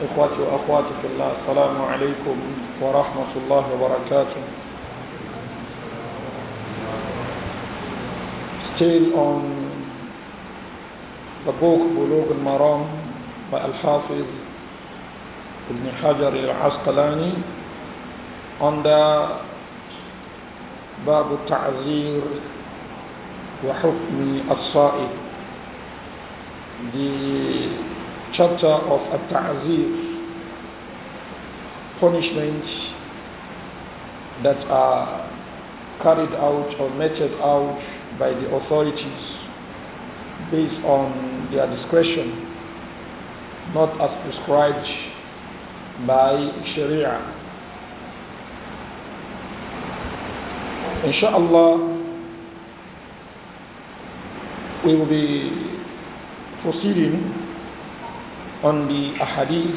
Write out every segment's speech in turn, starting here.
إخواتي وأخواتي في الله السلام عليكم ورحمة الله وبركاته Still on the book بلوغ المرام by ابن حجر العسقلاني on the باب التعذير وحكم الصائم the chapter of At-Ta'zir, punishments that are carried out or meted out by the authorities based on their discretion, not as prescribed by Sharia. Insha'Allah, we will be proceeding on the ahadith.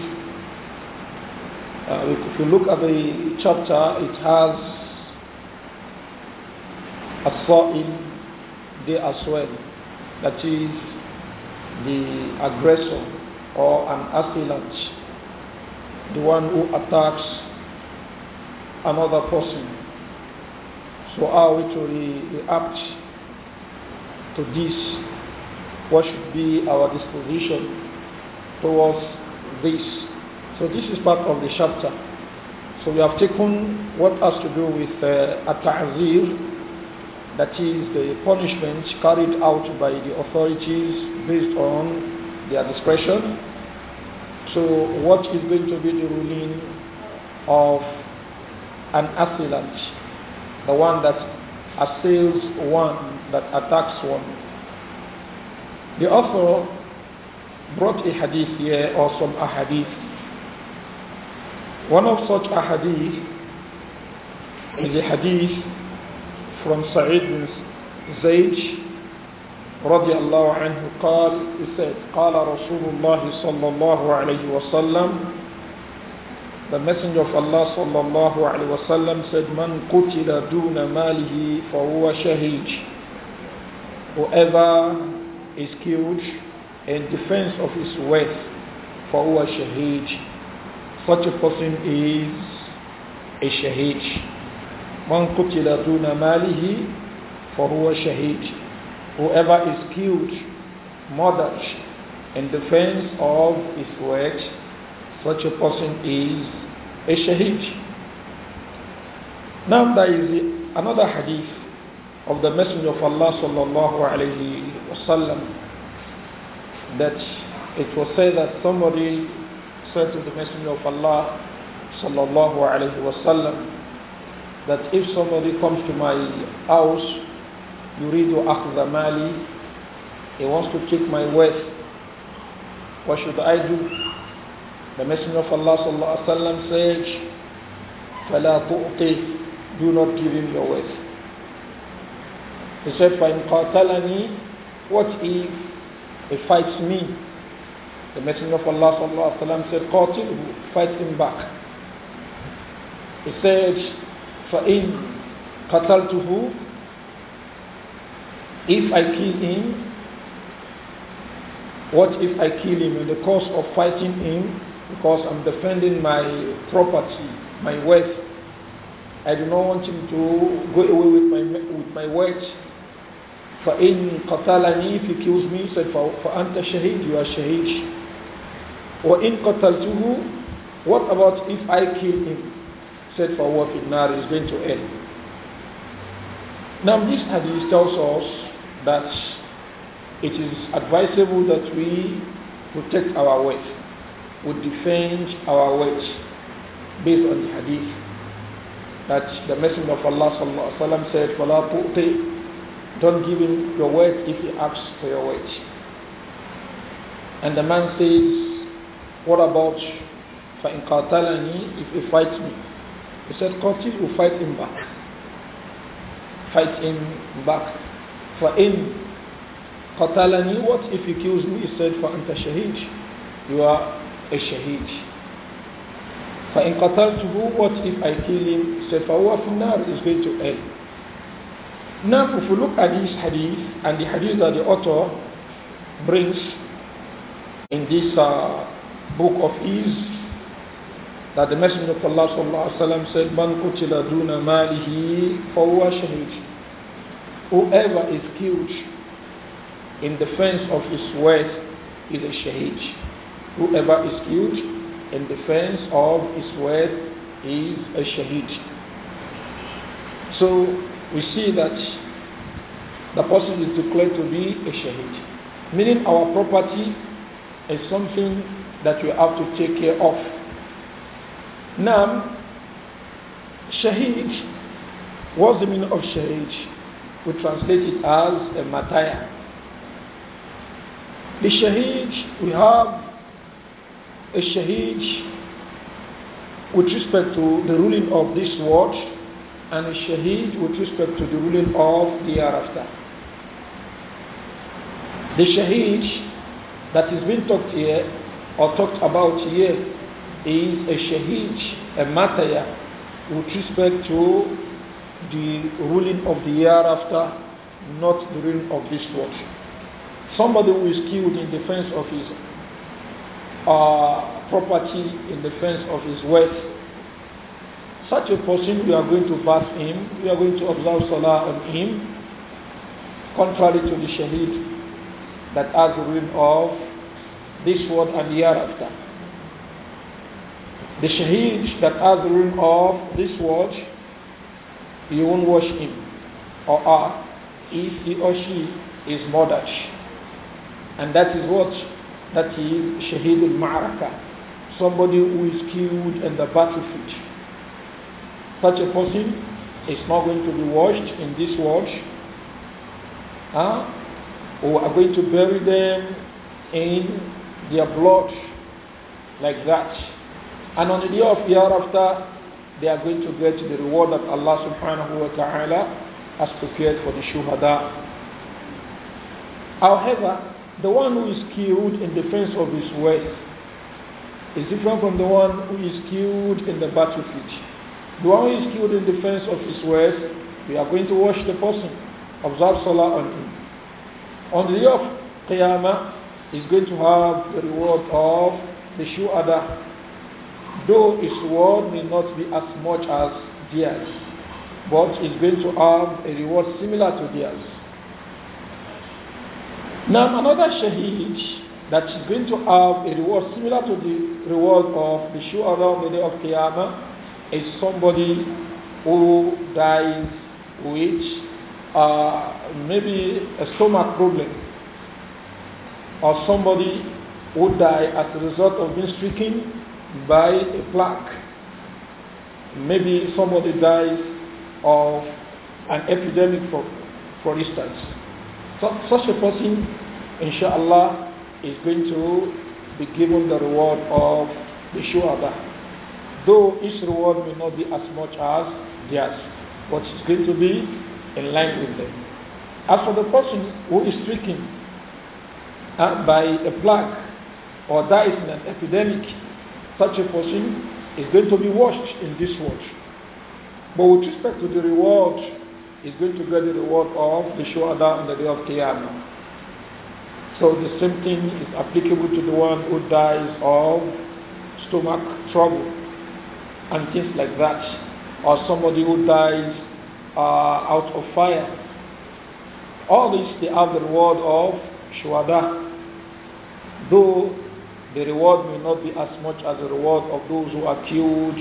Uh, if you look at the chapter, it has a sa'im there as well, that is the aggressor or an assailant, the one who attacks another person. So are we to react to this? What should be our disposition? towards this. So this is part of the chapter. So we have taken what has to do with uh, at-ta'zir, that is the punishment carried out by the authorities based on their discretion. So what is going to be the ruling of an assailant, the one that assails one, that attacks one. The author brought a hadith here or some ahadith. One of such ahadith is a hadith from Sa'id bin Zayd رضي الله عنه قال said, قال رسول الله صلى الله عليه وسلم The Messenger of Allah صلى الله عليه وسلم said من قتل دون ماله فهو شهيد Whoever is killed in defense of his wealth, for who a shaheed. Such a person is a shaheed. Man qutila duna malihi a shaheed. Whoever is killed, murdered in defense of his wealth, such a person is a shaheed. Now there is another hadith of the Messenger of Allah sallallahu alayhi wa sallam that it was said that somebody said to the Messenger of Allah sallallahu alaihi wasallam that if somebody comes to my house yuridu Akhza mali he wants to take my wealth what should I do the messenger of Allah sallallahu alaihi wasallam said فلا تؤطي do not give him your wealth he said فإن قاتلني what if he fights me. The Messenger of Allah sallallahu alayhi wa said, Qatil, fight him back. He said, فَإِنْ قَتَلْتُهُ If I kill him, what if I kill him in the course of fighting him because I'm defending my property, my wealth? I do not want him to go away with my, with my wealth فَإِن قَتَلَنِي If he kills me, he said, فَأَنْتَ شَهِيد You are shaheed. وَإِن قَتَلْتُهُ What about if I kill him? said said, what in Nari is going to end. Now this hadith tells us that it is advisable that we protect our wealth, we defend our wealth based on the hadith that the Messenger of Allah said, فَلَا تُؤْتِي don't give him your word if he asks for your word. And the man says, What about فَإِنْ قَاتَلَنِي if he fights me? He said, Qatil will fight him back. Fight him back. For him, قَتَلَنِي What if he kills me? He said, "For Anta شَهِيد You are a shaheed. in قَتَلْتُهُ What if I kill him? He said, "For فِي النَّارِ is going to end." Now, if we look at this hadith and the hadith that the author brings in this uh, book of his, that the Messenger of Allah said, "Man kutila duna malihi Whoever is killed in defense of his wealth is a shahid. Whoever is killed in defense of his wealth is a shahid. So we see that the person is declared to be a shahid. Meaning our property is something that we have to take care of. Now, shahid, what's the meaning of shahid? We translate it as a mataya. The shahid, we have a shahid with respect to the ruling of this world and a shaheed with respect to the ruling of the year after. The shaheed that is being talked here or talked about here is a shaheed, a martyr with respect to the ruling of the year after, not the ruling of this world. Somebody who is killed in defense of his uh, property, in defense of his wealth, such a person, you are going to bath him, you are going to observe salah on him, contrary to the shaheed that has the ruin of this world and the hereafter. The shaheed that has the ruin of this world, you won't wash him or her if he or she is murdered. And that is what? That is shaheed al maraka, somebody who is killed in the battlefield such a person is not going to be washed in this wash, huh? or are going to bury them in their blood like that. And on the day of hereafter, they are going to get the reward that Allah subhanahu wa ta'ala has prepared for the shuhada. However, the one who is killed in defense of his wealth is different from the one who is killed in the battlefield. The one who is killed in defense of his words, we are going to wash the person, observe Salah on him. On the day of Qiyamah, he's going to have the reward of the Shu'ada, though his reward may not be as much as theirs, but he's going to have a reward similar to theirs. Now, another shaheed that is going to have a reward similar to the reward of the Shu'ada on the day of Qiyamah is somebody who dies with uh, maybe a stomach problem or somebody who died as a result of being stricken by a plaque. Maybe somebody dies of an epidemic, for, for instance. So, such a person, inshallah, is going to be given the reward of the shuhada. Though each reward may not be as much as theirs, but it's going to be in line with them. As for the person who is stricken uh, by a plague or dies in an epidemic, such a person is going to be washed in this wash. But with respect to the reward, is going to get the reward of the shuhada on the day of Qiyamah. So the same thing is applicable to the one who dies of stomach trouble and things like that, or somebody who dies uh, out of fire. All this, they have the reward of shu'ada. though the reward may not be as much as the reward of those who are killed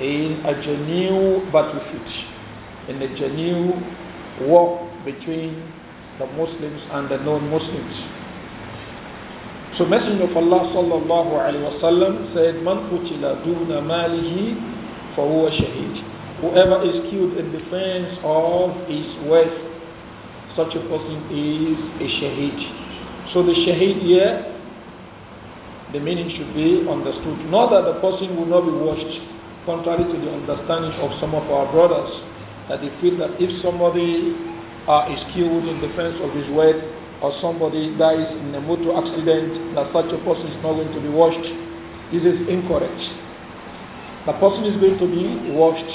in a genuine battlefield, in a genuine war between the Muslims and the non-Muslims. So Messenger of Allah sallallahu alaihi wasallam said, "Man qutila duna malihi, fahuwa shahid." Whoever is killed in defense of his wealth, such a person is a shahid. So the shahid here, the meaning should be understood. Not that the person will not be washed, contrary to the understanding of some of our brothers, that they feel that if somebody uh, is killed in defense of his wealth, or somebody dies in a motor accident that such a person is not going to be washed. This is incorrect. The person is going to be washed.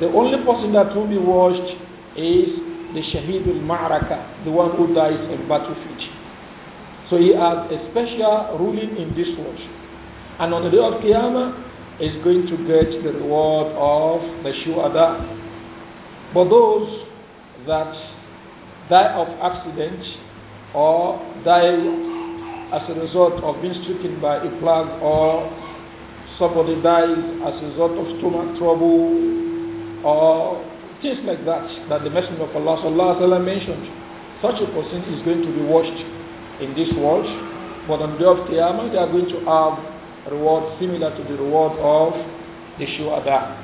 The only person that will be washed is the shahid al-Ma'raka, the one who dies in battlefield. So he has a special ruling in this world. And on the day of Qiyamah, is going to get the reward of the shu'ada. But those that die of accident or die as a result of being stricken by a plague or somebody dies as a result of stomach trouble or things like that that the Messenger of Allah sallallahu alaihi mentioned. Such a person is going to be washed in this world, but on the day of Qiyamah they are going to have a reward similar to the reward of the Shu'ada.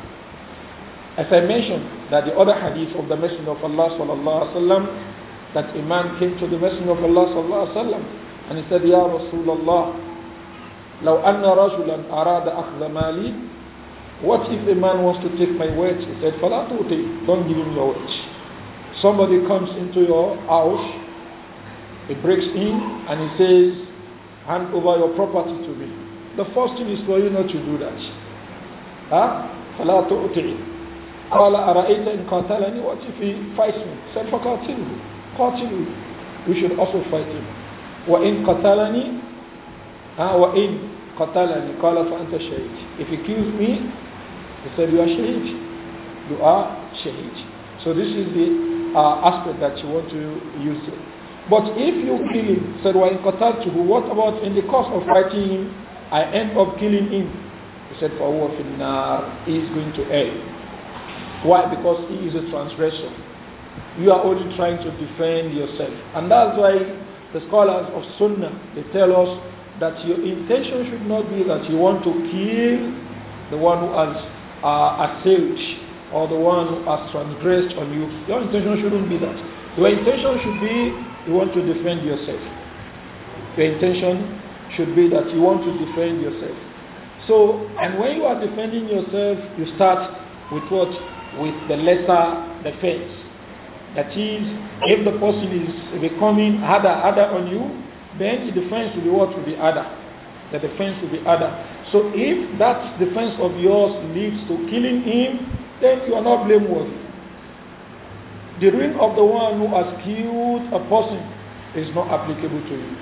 As I mentioned that the other hadith of the Messenger of Allah sallallahu alaihi wasallam that a man came to the Messenger of Allah sallallahu alaihi wasallam and he said, Ya Rasulullah, لو أن رجلا أراد أخذ مالي What if a man wants to take my wealth? He said, فلا تؤتي Don't give him your wealth. Somebody comes into your house, he breaks in and he says, hand over your property to me. The first thing is for you not to do that. Huh? فلا تؤتي قال أرأيت إن قاتلني What if he fights me? He said, فقاتله قَاتِلُوا We should also fight him. وَإِن قَتَلَنِي uh, وَإِن قَتَلَنِي قَالَ فَأَنْتَ شَهِيدٌ If he kills me, he said, you are shaheed. You are shaheed. So this is the uh, aspect that you want to use it. But if you kill him, said wa in qataltuhu, what about in the course of fighting him, I end up killing him? He said, for what finnar, he is going to hell. Why? Because he is a transgressor you are only trying to defend yourself. And that's why the scholars of Sunnah, they tell us that your intention should not be that you want to kill the one who has uh, assailed or the one who has transgressed on you. Your intention shouldn't be that. Your intention should be you want to defend yourself. Your intention should be that you want to defend yourself. So, and when you are defending yourself, you start with what? With the lesser defense. That is, if the person is becoming harder, harder on you, then the defense will be what will be harder. The defense will be harder. So if that defense of yours leads to killing him, then you are not blameworthy. The ruin of the one who has killed a person is not applicable to you.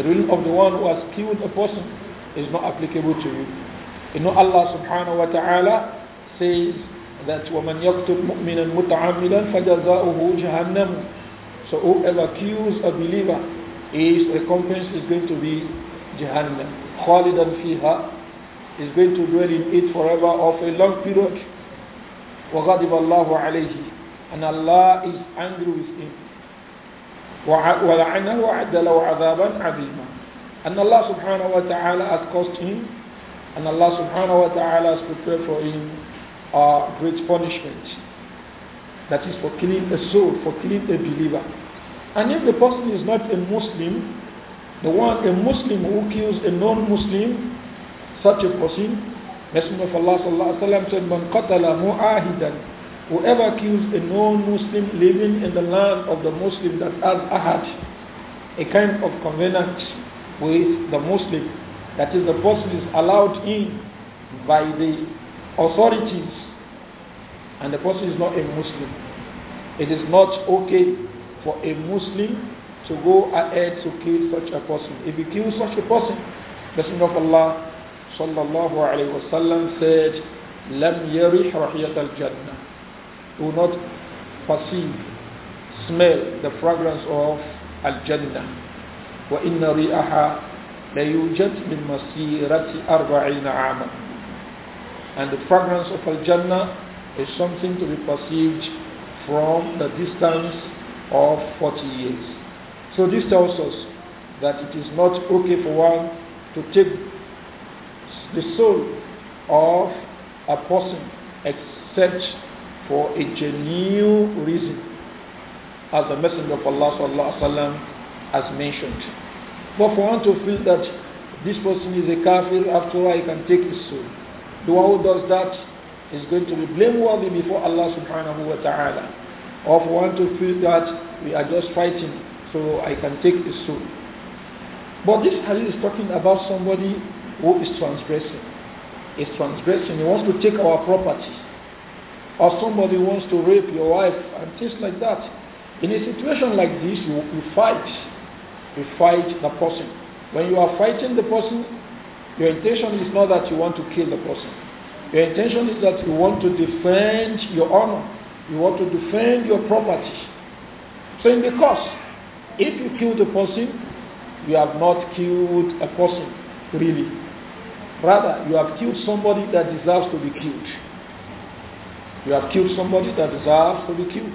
The ruin of the one who has killed a person is not applicable to you. You know Allah subhanahu wa ta'ala says that وَمَنْ يَقْتُلْ مُؤْمِنًا مُتَعَمِّدًا فَجَزَاؤُهُ جَهَنَّمُ So whoever kills a believer, his recompense is going to be Jahannam. خَالِدًا فِيهَا is going to dwell in it forever of a long period. وَغَضِبَ اللَّهُ عَلَيْهِ And Allah is angry with him. ولعنه وعد له عذابا عظيما Allah subhanahu wa taala has caused him and Allah subhanahu wa ta'ala has prepared for him are great punishment. That is for killing a soul, for killing a believer. And if the person is not a Muslim, the one, a Muslim who kills a non-Muslim, such a person, Messenger of Allah said, "Man qatala mu'ahidan." Whoever kills a non-Muslim living in the land of the Muslim that has ahad, a kind of covenant with the Muslim, that is, the person is allowed in by the authorities and the person is not a Muslim. It is not okay for a Muslim to go ahead to kill such a person. If you kill such a person, the Messenger of Allah sallallahu alayhi wa sallam said, Lam yarih rahiyat al jannah. Do not perceive, smell the fragrance of al jannah. Wa inna ri'aha la min masirati arba'ina aman. And the fragrance of al jannah is something to be perceived from the distance of 40 years. So this tells us that it is not okay for one to take the soul of a person except for a genuine reason, as the Messenger of Allah وسلم, has mentioned. But for one to feel that this person is a kafir, after all, I can take his soul. The one who does that is going to be blameworthy before Allah subhanahu wa ta'ala. Or if we want to feel that we are just fighting, so I can take the soul. But this hadith is talking about somebody who is transgressing. Is transgressing. He wants to take our property. Or somebody wants to rape your wife and things like that. In a situation like this, you, you fight. You fight the person. When you are fighting the person, your intention is not that you want to kill the person. Your intention is that you want to defend your honor, you want to defend your property. So, in the course, if you kill the person, you have not killed a person, really. Rather, you have killed somebody that deserves to be killed. You have killed somebody that deserves to be killed.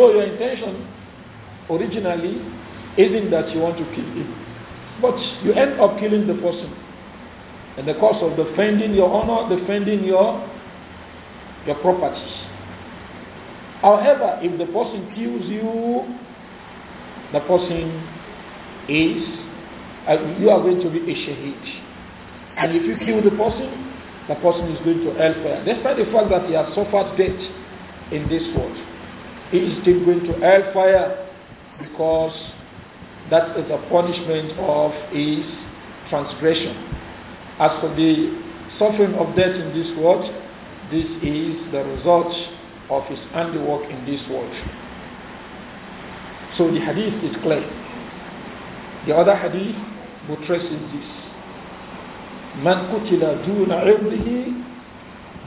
Though your intention originally isn't that you want to kill him, but you end up killing the person in the course of defending your honor, defending your, your property. However, if the person kills you, the person is, uh, you are going to be a shaheed. And if you kill the person, the person is going to hellfire. Despite the fact that he has suffered death in this world, he is still going to hellfire because that is a punishment of his transgression. As for the suffering of death in this world, this is the result of his handiwork in this world. So the hadith is clear. The other hadith buttresses this. من قتل دون عرضه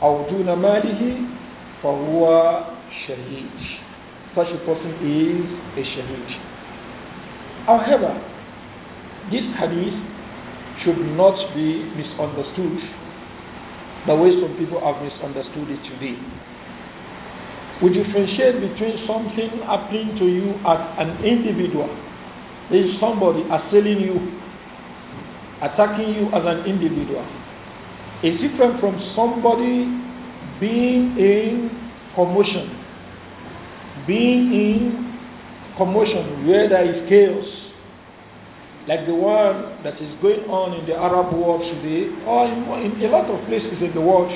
أو دون ماله فهو شهيد. Such a person is a shaheed. However, this hadith should not be misunderstood the way some people have misunderstood it today. We differentiate between something happening to you as an individual. There is somebody assailing you, attacking you as an individual. It's different from somebody being in commotion, being in commotion where there is chaos like the one that is going on in the Arab world today, or in, in a lot of places in the world.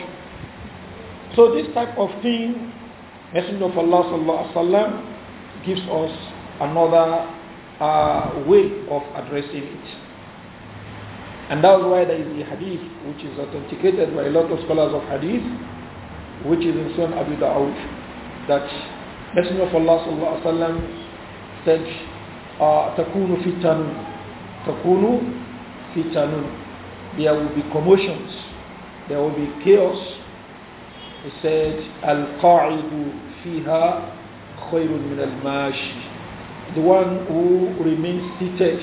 So this type of thing, Messenger of Allah sallallahu alaihi wasallam gives us another uh, way of addressing it. And that's why there is the hadith, which is authenticated by a lot of scholars of hadith, which is in Sunan Abu Dawud, that Messenger of Allah sallallahu alaihi wasallam said, uh, "Takunu fitanun." takunu fitanun. There will be commotions. There will be chaos. He said, Al-qa'idu fiha khayrun min al-mashi. The one who remains seated,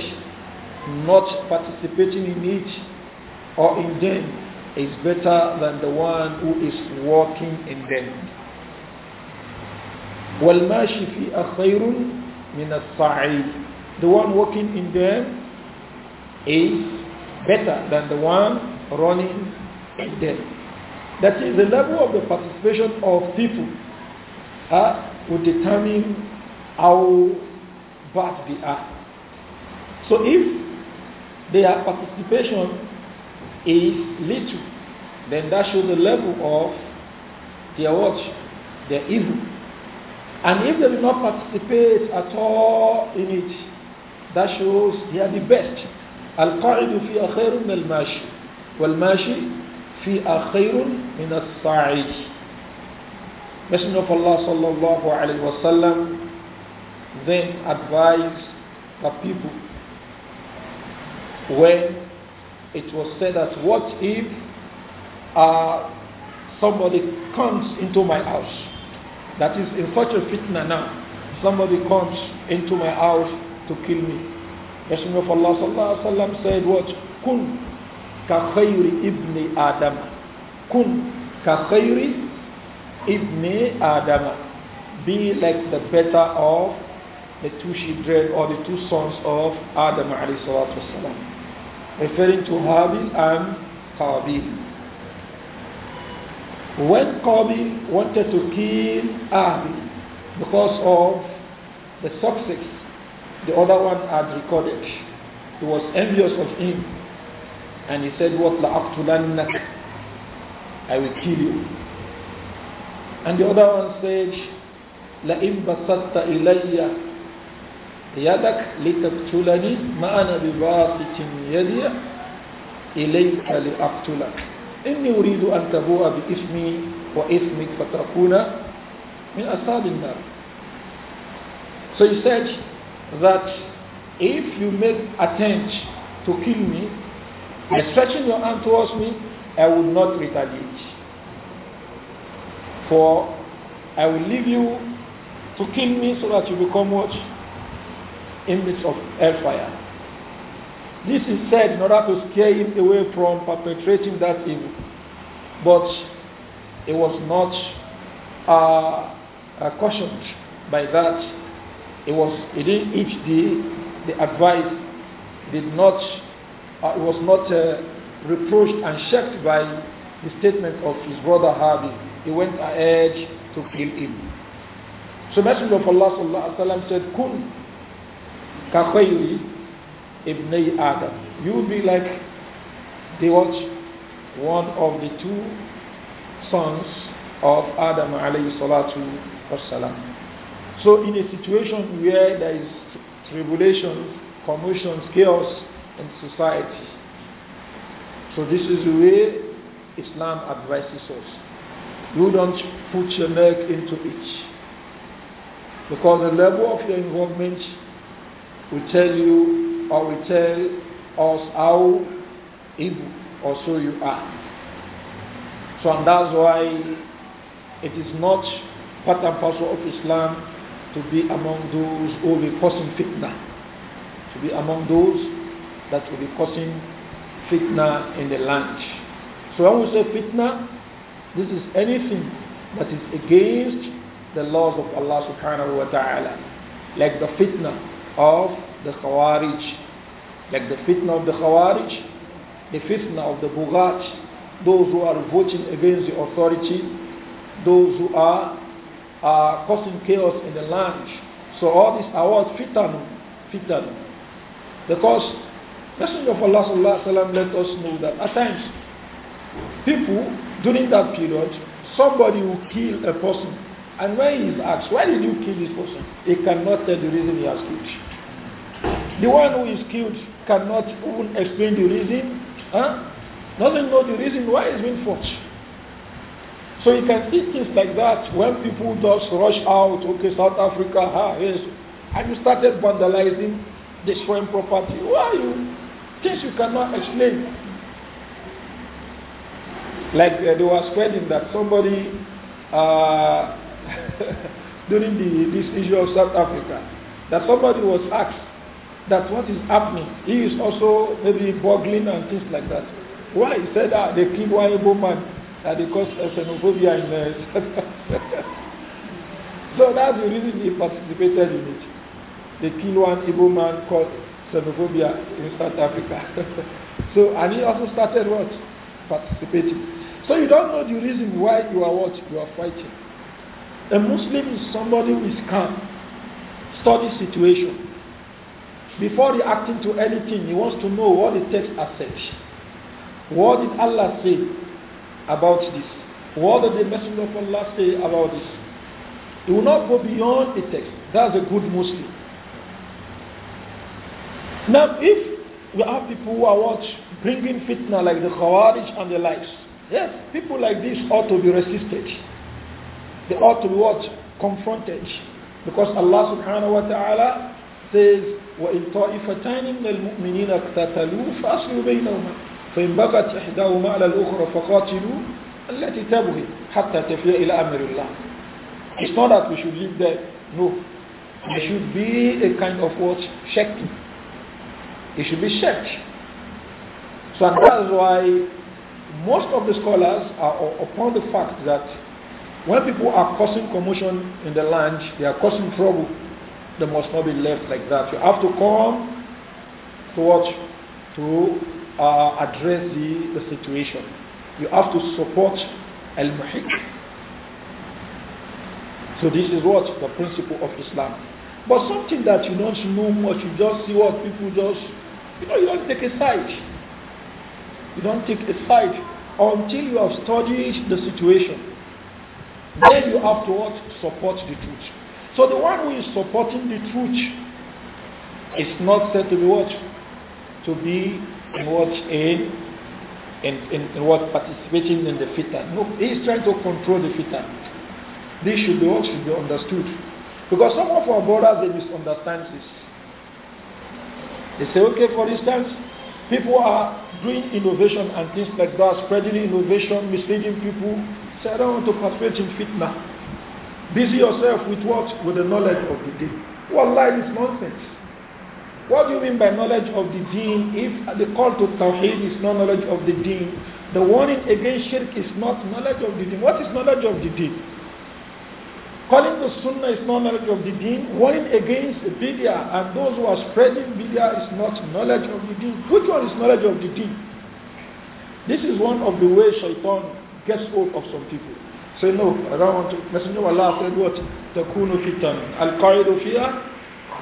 not participating in it or in them, is better than the one who is walking in them. وَالْمَاشِ فِيهَا خَيْرٌ مِنَ الصَّعِيدِ The one walking in them is better than the one running them. That is the level of the participation of people uh, will determine how bad they are. So if their participation is little, then that shows the level of their watch, their evil. And if they do not participate at all in it, that shows they are the best القاعد فيها خير من الماشي والماشي فيها خير من الصاعد Messenger of Allah sallallahu alayhi wa sallam then advised the people when it was said that what if uh, somebody comes into my house that is in such a fitna now somebody comes into my house to kill me Messenger of Allah sallallahu alaihi wasallam said, "What kun ka khayri ibni Adam? Kun ka khayri ibni Adam? Be like the better of the two children or the two sons of Adam alayhi salatu wasallam, referring to Habil and Qabil." When Qabil wanted to kill Habil because of the success the other one had recorded. He was envious of him. And he said, What la I will kill you. And the other one said, La imbasatta ilayya yadak litaktulani ma'ana bibasitin yadiya ilayka li aftulak. إني أريد أن تبوء بإسمي وإسمك فتكون من أصحاب النار. So he said, that if you make attempt to kill me by stretching your hand towards me, I will not retaliate. For I will leave you to kill me so that you become what? Inmates of hellfire. This is said in order to scare him away from perpetrating that evil. But it was not uh, uh, cautioned by that it was, he didn't eat the, the advice, did not, uh, was not uh, reproached and checked by the statement of his brother Harvey. He went ahead to kill him. So Messenger of Allah sallallahu said, "Kun kakhayri ibnay Adam." You will be like the what? One of the two sons of Adam alayhi salatu wasalam. So in a situation where there is tribulations, commotions, chaos in society, so this is the way Islam advises us. You don't put your neck into it. Because the level of your involvement will tell you or will tell us how evil or so you are. So and that's why it is not part and parcel of Islam to be among those who will be causing fitna, to be among those that will be causing fitna in the land. So when we say fitna, this is anything that is against the laws of Allah subhanahu wa ta'ala, like the fitna of the Khawarij, like the fitna of the Khawarij, the fitna of the Bughat, those who are voting against the authority, those who are are causing chaos in the land. So all these are all fitan, fitan. Because Messenger of Allah sallallahu wasallam let us know that at times people during that period somebody will kill a person and when he is asked why did you kill this person he cannot tell the reason he has killed the one who is killed cannot even explain the reason huh? doesn't know the reason why he's been forced so you can see things like that when people just rush out, okay, South Africa, ha, yes, and you started vandalizing destroying property. Why you? Things you cannot explain. Like uh, they were spreading that somebody uh, during the, this issue of South Africa, that somebody was asked that what is happening. He is also maybe burgling and things like that. Why? He said that ah, they killed one able man that they caused xenophobia in there, uh, So that's the reason they participated in it. They kill one Igbo man called xenophobia in South Africa. so, and he also started what? Participating. So you don't know the reason why you are what? You are fighting. A Muslim is somebody who is calm, study situation. Before reacting to anything, he wants to know what the text says. What did Allah say? about this? What does the Messenger of Allah say about this? He will not go beyond the text. That's a good Muslim. Now, if we have people who are what? Bringing fitna like the Khawarij and the likes. Yes, people like this ought to be resisted. They ought to be what? Confronted. Because Allah subhanahu wa ta'ala says, وَإِن طَائِفَتَانِ مِنَ الْمُؤْمِنِينَ اقْتَتَلُوا فَأَصْلُوا بَيْنَهُمَا فإن بغت إحداهما على الأخرى فقاتلوا التي تبغي حتى تفيء إلى أمر الله It's not that we should leave there. No. There should be a kind of what? Checking. It should be checked. So and that's why most of the scholars are upon the fact that when people are causing commotion in the land, they are causing trouble, they must not be left like that. You have to come to what? To uh, address the, the situation. You have to support al-muhiq. So this is what the principle of Islam. But something that you don't know much, you just see what people just, you know, you don't take a side. You don't take a side until you have studied the situation. Then you have to what? Support the truth. So the one who is supporting the truth is not said to be what? To be in what in, and in, in what participating in the fitan. No, he is trying to control the fitan. This should be what should be understood. Because some of our brothers they misunderstand this. They say, okay, for instance, people are doing innovation and things like that, spreading innovation, misleading people. Say, I don't want to participate in fitna. Busy yourself with what? With the knowledge of the day. What lies, nonsense. What do you mean by knowledge of the deen? If the call to Tawheed is not knowledge of the deen, the warning against shirk is not knowledge of the deen. What is knowledge of the deen? Calling the sunnah is not knowledge of the deen. Warning against bid'ah and those who are spreading bid'ah is not knowledge of the deen. Which one is knowledge of the deen? This is one of the ways shaitan gets hold of some people. Say no, I don't want to. Messenger of Allah said what? تكون al القائد فيها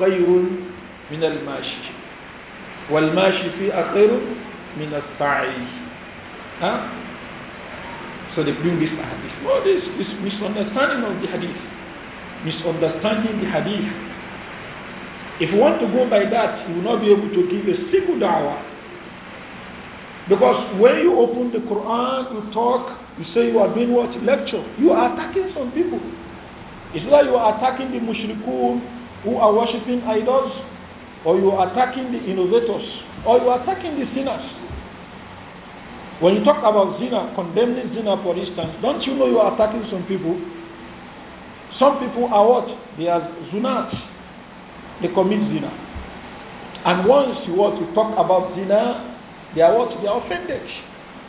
خير من الماشي والماشي فيها خير من السعي huh? so they bring this hadith what is this misunderstanding of the hadith misunderstanding the hadith if you want to go by that you will not be able to give a single da'wah because when you open the Quran, you talk, you say you are doing what? Lecture. You are attacking some people. It's like you are attacking the mushrikun who are worshipping idols or you are attacking the innovators, or you are attacking the sinners. When you talk about zina, condemning zina, for instance, don't you know you are attacking some people? Some people are what? They are zunats. They commit zina. And once you want to talk about zina, they are what? They are offended.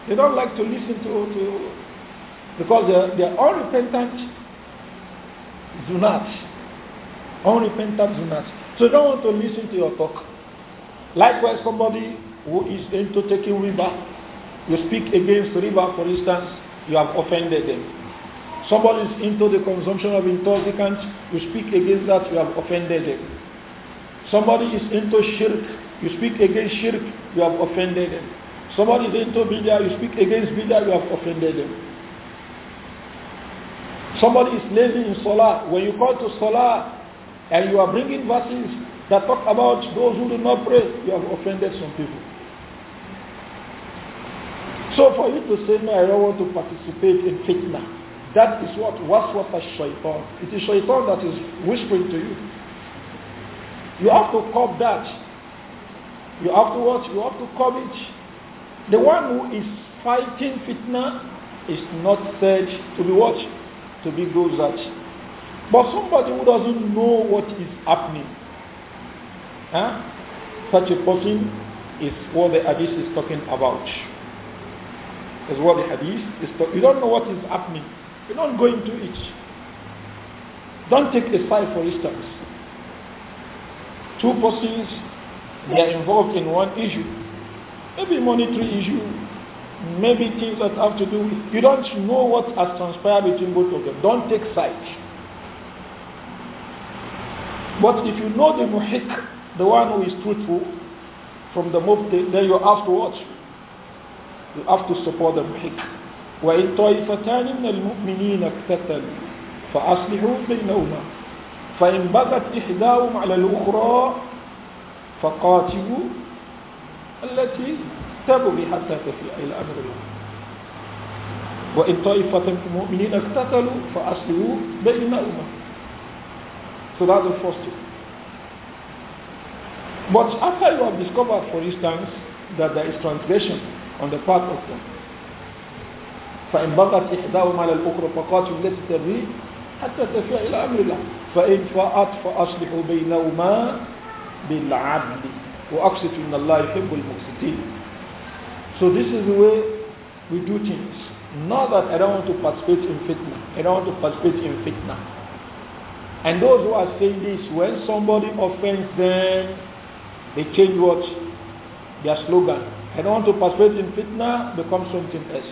They don't like to listen to, to because they are, they are unrepentant zunats, Unrepentant zunats. So you don't want to listen to your talk. Likewise, somebody who is into taking riba, you speak against riba, for instance, you have offended them. Somebody is into the consumption of intoxicants, you speak against that, you have offended them. Somebody is into shirk, you speak against shirk, you have offended them. Somebody is into bidya, you speak against bidya, you have offended them. Somebody is lazy in salah, when you call to salah, and you are bringing verses that talk about those who do not pray, you have offended some people. So for you to say, no, I don't want to participate in fitna, that is what waswasa shaitan. It is shaitan that is whispering to you. You have to curb that. You have to watch. You have to curb it. The one who is fighting fitna is not said to be watched. To be good at. But somebody who doesn't know what is happening, huh? such a person is what the hadith is talking about. Is what the hadith is talking You don't know what is happening. You don't go into it. Don't take a side, for instance. Two persons, they are involved in one issue. Maybe monetary issue, maybe things that have to do with. You don't know what has transpired between both of them. Don't take sides. But if you know the muhik, the one who is truthful from the mufti, then you have to watch. You have to support the muhik. وإن طائفتان من المؤمنين اقتتلوا فأصلحوا بينهما فإن بغت إحداهم على الأخرى فقاتلوا التي تبغي حتى تفيء إلى أمر الله وإن طائفة من المؤمنين اقتتلوا فأصلحوا بينهما So that's the first thing. But after you have discovered, for instance, that there is transgression on the part of them, إحداهما على الأخرى التي تبغي حتى إلى أمر الله فإن فأصلحوا بينهما بالعدل إن الله يحب المقسطين So this is the way we do things. Not that I don't want to participate in fitna. I don't want to participate in fitna. And those who are saying this, when somebody offends them, they change what? Their slogan. I don't want to participate in fitna, become something else.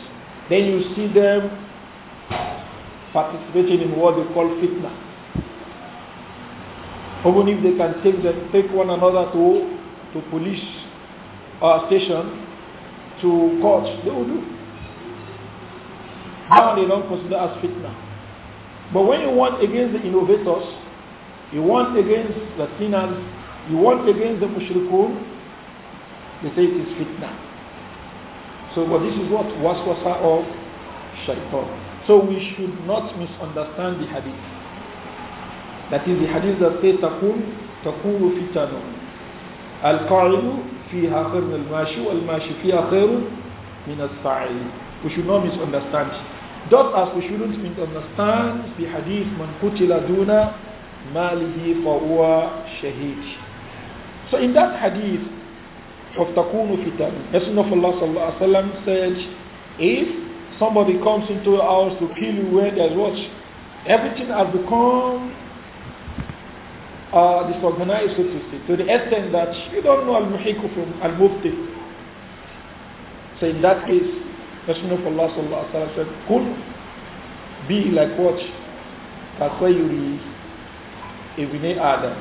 Then you see them participating in what they call fitna. Even if they can take, them, take one another to, to police uh, station, to court, they will do. Now they don't consider as fitna. But when you want against the innovators, you want against the sinners, you want against the mushrikun, they say it is fitna. So but this is what waswasa of shaitan. So we should not misunderstand the hadith. That is the hadith that says تقول تقول فتن القاعد al خير من mashu والماشي فيها خير al السعي. We should not misunderstand just as we shouldn't misunderstand the hadith, man kutila duna malihi fahuwa shahid. So in that hadith, فَتَكُونُ فِتَنًا Messenger of Allah sallallahu alayhi wa said, if somebody comes into your house to kill you where there's what? Everything has become uh, disorganized, so to say, to the extent that you don't know al-muhiku from al-mufti. So in that case, Messenger of Allah sallallahu alaihi wasallam said, "Could be like what Kakoyuri Ibn Adam,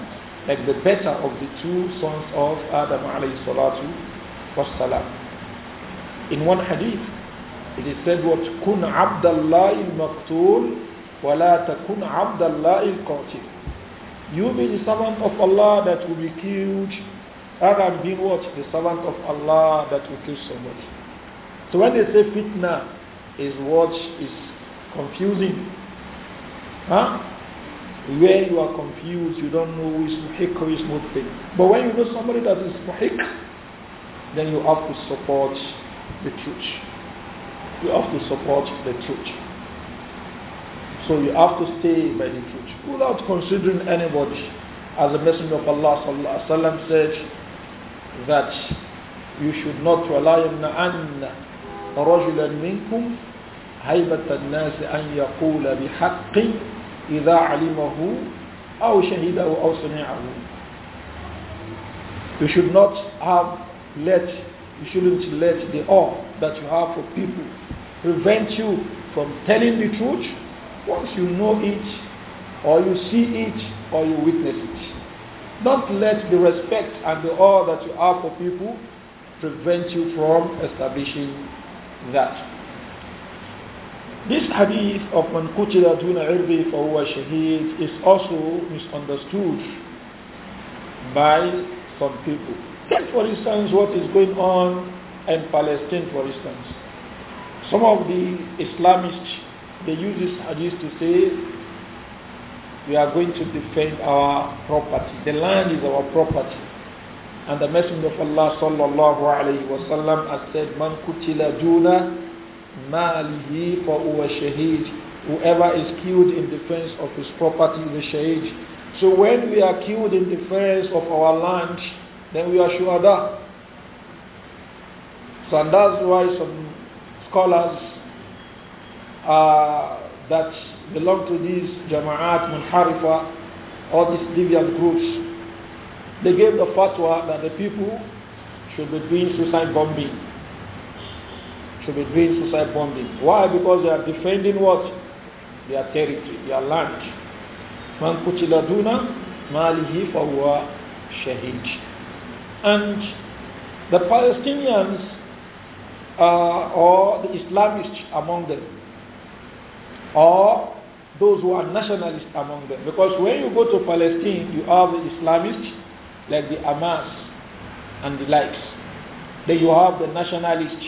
like the better of the two sons of Adam alayhi salatu wasalam." In one hadith, it is said, "What kun Abdullah al-Maktul, ولا تكن Abdullah al-qatil." You be the servant of Allah that will be killed, rather than being what the servant of Allah that will kill somebody. So when they say fitna is what is confusing, huh? Where you are confused, you don't know which muhiq, is mudfiq. But when you know somebody that is muhiq, then you have to support the truth. You have to support the truth. So you have to stay by the truth without considering anybody. As the Messenger of Allah sallallahu said that you should not rely on رجلا منكم هيبة الناس أن يقول بحق إذا علمه أو شهده أو سمعه You should not have let, you shouldn't let the awe that you have for people prevent you from telling the truth once you know it or you see it or you witness it. Don't let the respect and the awe that you have for people prevent you from establishing that. This hadith of Man Qutila Duna Irdi Fahuwa Shaheed is also misunderstood by some people. Take for instance what is going on in Palestine for instance. Some of the Islamists, they use this hadith to say we are going to defend our property. The land is our property. And the Messenger of Allah sallallahu alayhi wa sallam has said, Man kutila duna malihi fa shaheed. Whoever is killed in defense of his property is a shaheed. So when we are killed in defense of our land, then we are shuhada. So and that's why some scholars uh, that belong to these jama'at, munharifa, all these deviant groups, they gave the fatwa that the people should be doing suicide bombing. Should be doing suicide bombing. Why? Because they are defending what? Their territory, their land. Man kutiladuna malihi fawa shahid. And the Palestinians uh, or the Islamists among them, or those who are nationalists among them. Because when you go to Palestine, you have the Islamists like the Amas and the likes. Then you have the nationalists,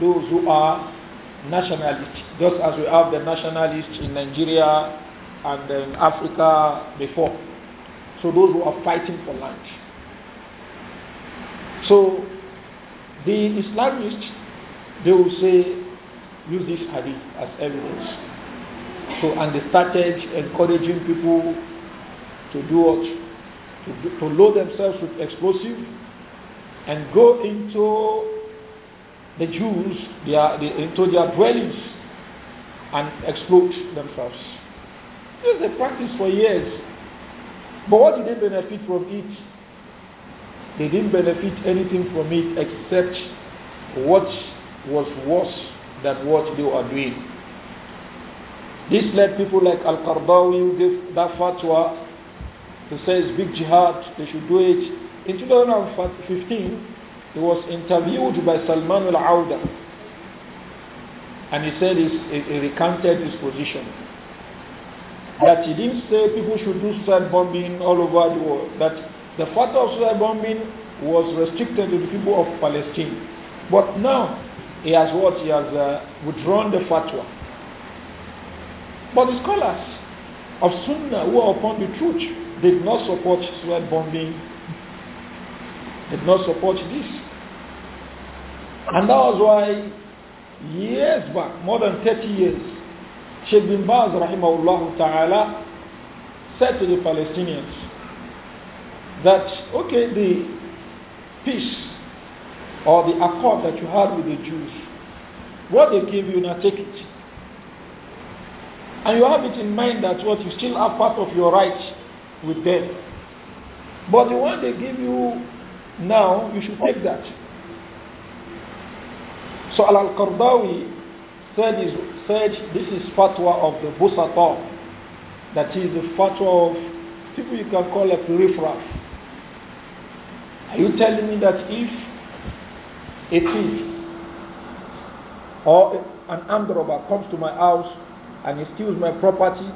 those who are nationalists, just as we have the nationalists in Nigeria and in Africa before. So those who are fighting for land. So the Islamists, they will say, use this hadith as evidence. So, and they started encouraging people to do what? to, to load themselves with explosive and go into the Jews, their, the, into their dwellings and explode themselves. This is a practice for years. But what did they benefit from it? They didn't benefit anything from it except what was worse than what they were doing. This led people like Al-Qardawi who gave that fatwa he says big jihad, they should do it. In 2015, he was interviewed by Salman al-Auda and he said he, he recounted his position that he didn't say people should do suicide bombing all over the world. That the fact of suicide bombing was restricted to the people of Palestine. But now he has what he has uh, withdrawn the fatwa. But the scholars of Sunnah who are upon the truth did not support suicide bombing, did not support this. And that was why years back, more than 30 years, Sheikh bin Baz rahimahullah ta'ala said to the Palestinians that, okay, the peace or the accord that you had with the Jews, what they give you, now take it. And you have it in mind that what you still have part of your rights with them. But the one they give you now, you should take that. So Al-Qardawi said, said this is fatwa of the Busata. That is the fatwa of people you can call a riffraff. Are you telling me that if a thief or an armed robber comes to my house and steals my property,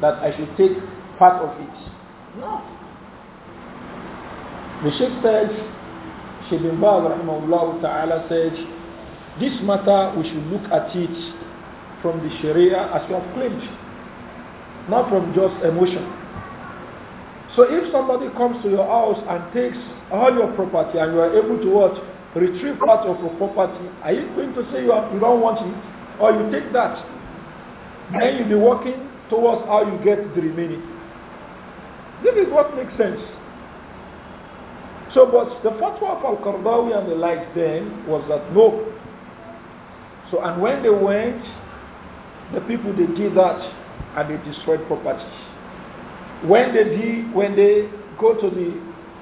that I should take part of it. No. The Sheikh says, Sheikh bin ta'ala said, this matter we should look at it from the Sharia as you have claimed, not from just emotion. So if somebody comes to your house and takes all your property and you are able to what? Retrieve part of your property, are you going to say you, you don't want it? Or you take that? Then you'll be working towards how you get the remaining. This is what makes sense. So, but the fatwa of Al-Qardawi and the like then was that no. So, and when they went, the people they did that and they destroyed property. When they did, when they go to the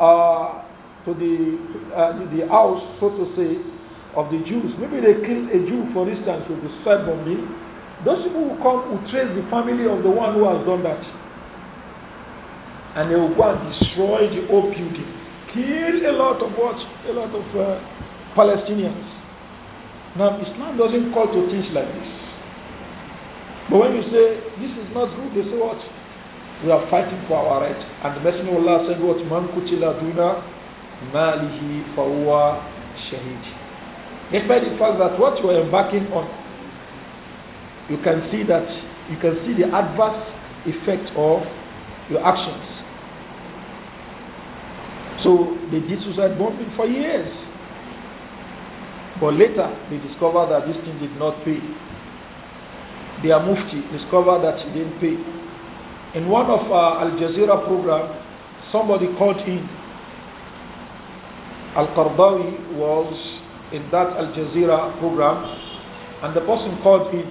uh, to the, uh, the, house, so to say, of the Jews, maybe they kill a Jew, for instance, with the sword bombing. Those people who come who trace the family of the one who has done that and they will go and destroy the old building, kill a lot of what, a lot of uh, Palestinians. Now, Islam doesn't call to things like this. But when you say this is not good, they say what? We are fighting for our right. And the Messenger of Allah said what? Man kutila duna malihi fawa shahid. Despite the fact that what you are embarking on, you can see that you can see the adverse effect of your actions. So they did suicide bombing for years. But later they discovered that this thing did not pay. Their mufti discovered that he didn't pay. In one of our uh, Al Jazeera program, somebody called in. Al Qardawi was in that Al Jazeera program, and the person called in.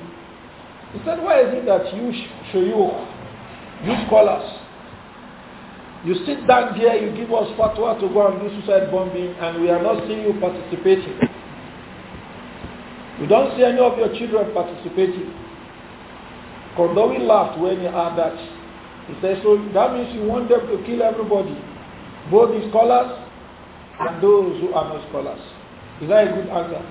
He said, Why is it that you, shuyukh, you scholars, you sit down here, you give us fatwa to go and do suicide bombing, and we are not seeing you participating. We don't see any of your children participating. Kondowi laughed when he heard that. He said, so that means you want them to kill everybody, both the scholars and those who are not scholars. Is that a good answer?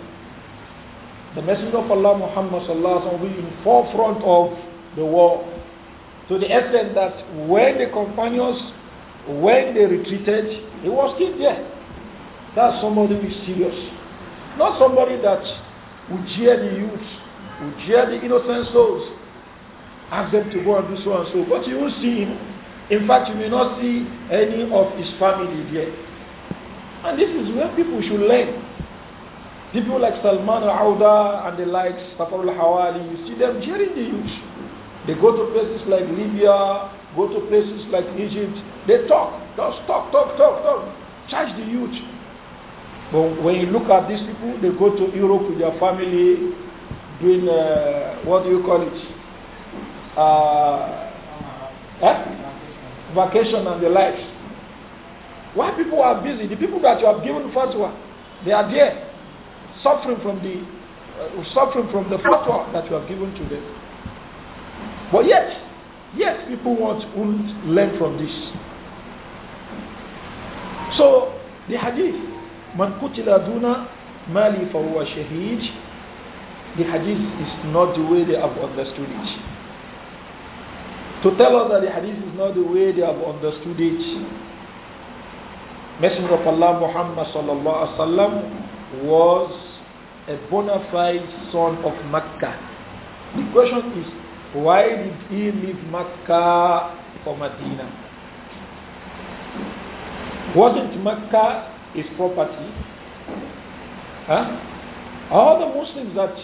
The Messenger of Allah Muhammad sallallahu alaihi wasallam in forefront of the war to the extent that when the companions when they retreated, he was still there. That's somebody who is serious. Not somebody that would jeer the youth, would jeer the innocent souls, ask them to go and do so and so. But you will see him. In fact, you may not see any of his family there. And this is where people should learn. People like Salman Auda and the likes, al Hawali, you see them jeering the youth. They go to places like Libya, Go to places like Egypt. They talk, just talk, talk, talk, talk. Charge the youth. But when you look at these people, they go to Europe with their family, doing uh, what do you call it? Uh, eh? Vacation and the likes. Why people are busy? The people that you have given fatwa, they are there, suffering from the uh, suffering from the fatwa that you have given to them. But yet, Yes, people want to learn from this. So the hadith, man kutila duna mali fahuwa shaheed. The hadith is not the way they have understood it. To tell us that the hadith is not the way they have understood it, Messenger of Allah Muhammad sallallahu alaihi wasallam was a bona fide son of Makkah. The question is, why did he leave Mecca for Medina? Wasn't Mecca his property? Huh? All the Muslims that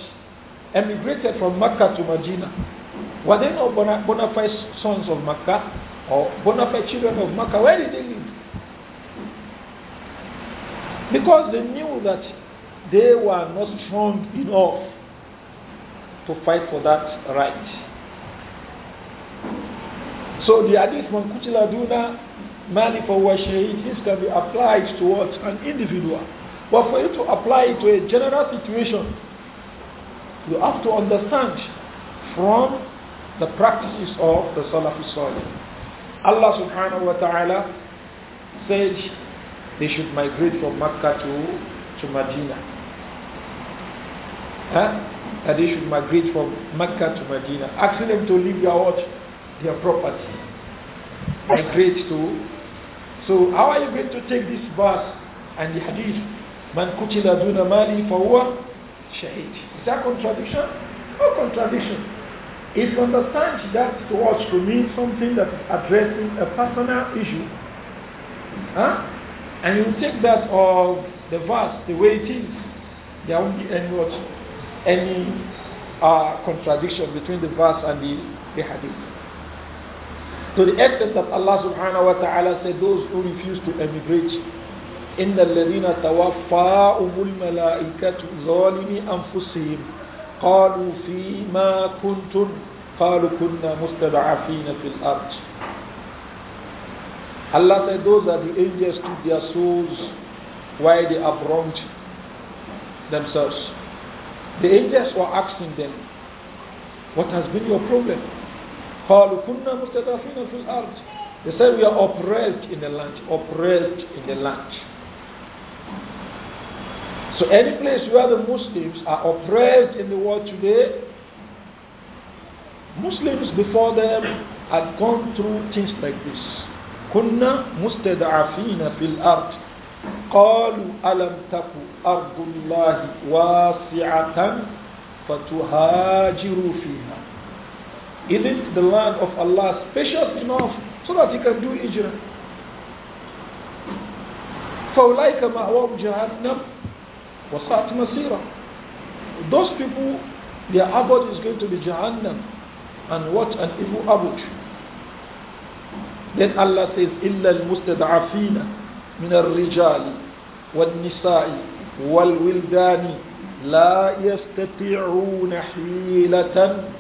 emigrated from Mecca to Medina were they not bona, bona fide sons of Mecca or bona fide children of Mecca? Where did they live? Because they knew that they were not strong enough to fight for that right. So the hadith من قتل دون مال فهو شهيد this can be applied towards an individual. But for you to apply it to a general situation, you have to understand from the practices of the Salafi Salih. Allah subhanahu wa ta'ala said they should migrate from Mecca to, to Medina. Huh? That they should migrate from Mecca to Medina, asking them to leave their watch their property. migrate to. So how are you going to take this verse and the hadith? Man kutila duna mali fahuwa shahid. Is that contradiction? No contradiction. If you understand that towards to mean something that is addressing a personal issue, huh? and you take that of the verse the way it is, there won't be any, any uh, contradiction between the verse and the, the hadith. To the extent that Allah subhanahu wa ta'ala said, those who refuse to emigrate, إن الذين توفاهم الملائكة ظالمي أنفسهم قالوا فيما كنتم قالوا كنا مستضعفين في الأرض Allah said those are the angels to their souls why they have wronged themselves. The angels were asking them, What has been your problem? قالوا كنا مستضعفين في الأرض They said we are oppressed in the land, oppressed in the land. So any place where the Muslims are oppressed in the world today, Muslims before them had gone through things like this. كنا مستضعفين في الأرض قالوا ألم تكن أرض الله واسعة فتهاجروا فيها is it the land of Allah spacious enough so that you can do hijrah? فَأُولَٰئِكَ Jahannam, جَهَنَّمْ وَسَاءَتْ مَصِيرًا Those people, their abode is going to be Jahannam and what an evil abode. Then Allah says, إِلَّا الْمُسْتَدْعَفِينَ مِنَ الرِّجَالِ وَالنِّسَاءِ وَالْوِلْدَانِ لَا يَسْتَطِيعُونَ حِيلَةً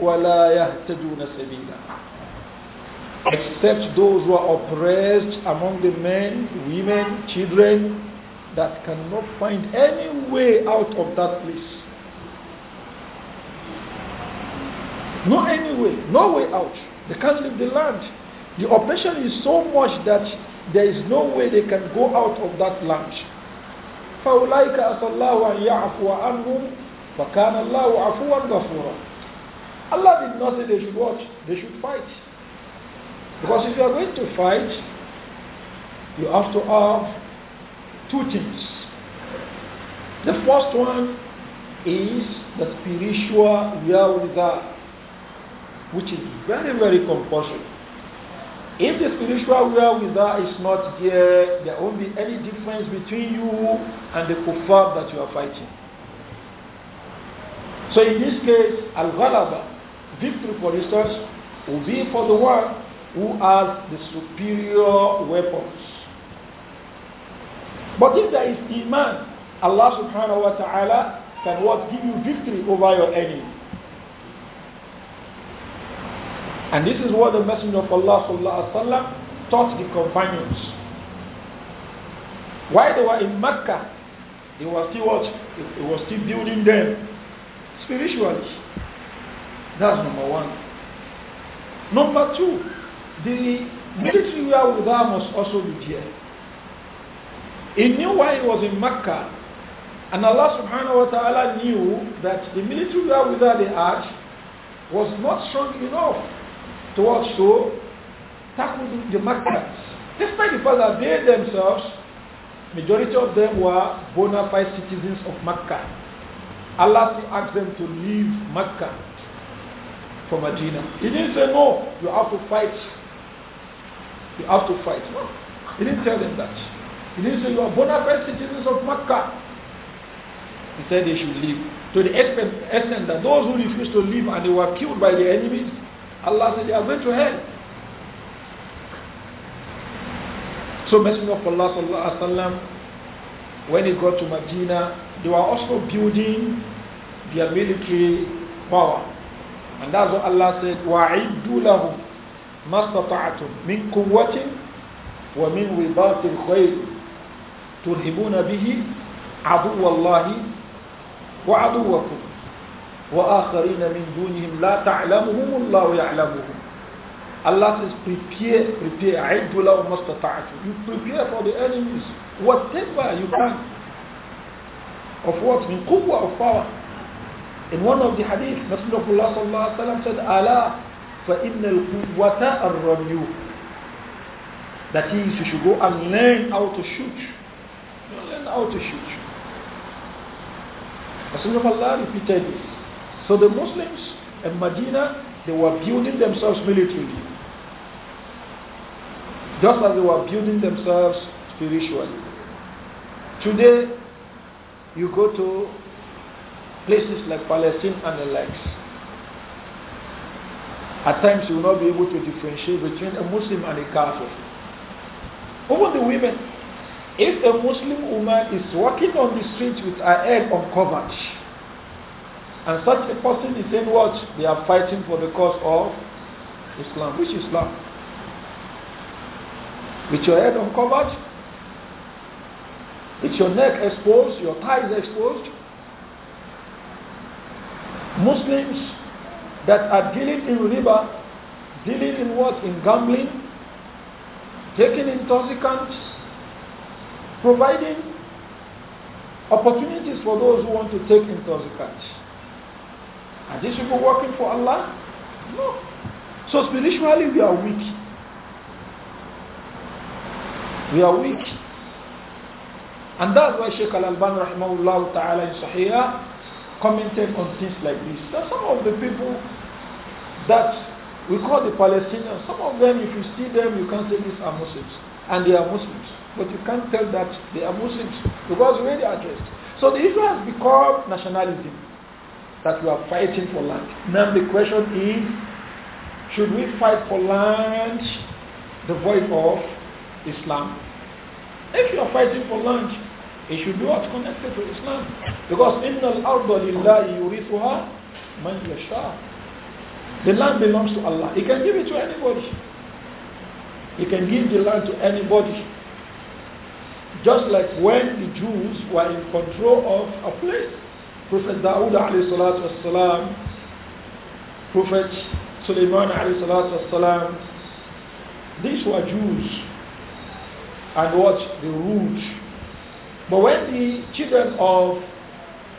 وَلَا يَهْتَدُونَ سَبِيلًا Except those who are oppressed among the men, women, children, that cannot find any way out of that place. No any way, no way out. They can't leave the land. The oppression is so much that there is no way they can go out of that land. فَأُولَٰئِكَ أَسَى اللَّهُ أَن يَعْفُوَ عَنْهُمْ اللَّهُ عَفُوًا غَفُورًا Allah did not say they should watch, they should fight. Because if you are going to fight, you have to have two things. The first one is the spiritual reality, which is very, very compulsory. If the spiritual reality is not there, there won't be any difference between you and the kuffar that you are fighting. So in this case, al-ghalaba, victory, for us will be for the one who has the superior weapons. But if there is Iman, Allah subhanahu wa ta'ala can what give you victory over your enemy. And this is what the Messenger of Allah sallallahu alaihi wasallam taught the companions. While they were in Mecca, they were still what? It was still building them spiritually. That's number one. Number two, the military are with her must also be there. He knew why he was in Mecca, and Allah subhanahu wa ta'ala knew that the military are with her they was not strong enough to also tackle the Meccans. Despite the fact that they themselves, majority of them were bona fide citizens of Mecca. Allah asked them to leave Mecca for Medina. He didn't say, no, you have to fight. You have to fight. No, he didn't tell them that. He didn't say, you are bona fide citizens of Makkah. He said they should leave. To the extent that those who refused to leave and they were killed by their enemies, Allah said they are going to hell. So Messenger of Allah sallallahu alaihi wasallam, when he got to Medina, they were also building their military power. And that's what Allah said, وَعِدُّ لَهُمْ مَا اسْتَطَعْتُمْ مِنْ قُوَّةٍ وَمِنْ رِبَاطِ الْخَيْرِ تُرْهِبُونَ بِهِ عَدُوَّ اللَّهِ وَعَدُوَّكُمْ وَآخَرِينَ مِنْ دُونِهِمْ لَا تَعْلَمُهُمُ اللَّهُ يَعْلَمُهُمْ Allah says, prepare, prepare, عِدُّ لَهُمْ مَا اسْتَطَعْتُمْ You prepare for the enemies, whatever you can. Of what? من قوة, of power. In one of the hadith, Messenger of Allah sallallahu alayhi wa said, Allah فَإِنَّ الْقُوَّةَ الرَّمْيُ That is, you should go and learn how to shoot. learn how to shoot. Messenger of Allah repeated this. So the Muslims in Medina, they were building themselves militarily. Just as they were building themselves spiritually. Today, you go to places like Palestine and the likes. At times you will not be able to differentiate between a Muslim and a Kafir. Over the women, if a Muslim woman is walking on the street with her head uncovered, and such a person is saying what? They are fighting for the cause of Islam. Which Islam? With your head uncovered? With your neck exposed, your thighs exposed? Muslims that are dealing in riba, dealing in what? In gambling, taking intoxicants, providing opportunities for those who want to take intoxicants. Are these people working for Allah? No. So spiritually we are weak. We are weak. And that's why Sheikh Al-Alban rahimahullah ta'ala in Sahih commented on things like this. some of the people that we call the Palestinians, some of them, if you see them, you can not say these are Muslims. And they are Muslims. But you can't tell that they are Muslims because the way they are dressed. So the issue has become nationalism that we are fighting for land. Now the question is, should we fight for land the voice of Islam? If you are fighting for land, he should be what? Connected to Islam. Because Al الْأَرْضَ لِلَّهِ يُرِثُهَا man yasha. The land belongs to Allah. He can give it to anybody. He can give the land to anybody. Just like when the Jews were in control of a place. Prophet Dawood alayhi salatu wasalam, Prophet Suleiman alayhi salatu wasalam, these were Jews and what the rules but when the children of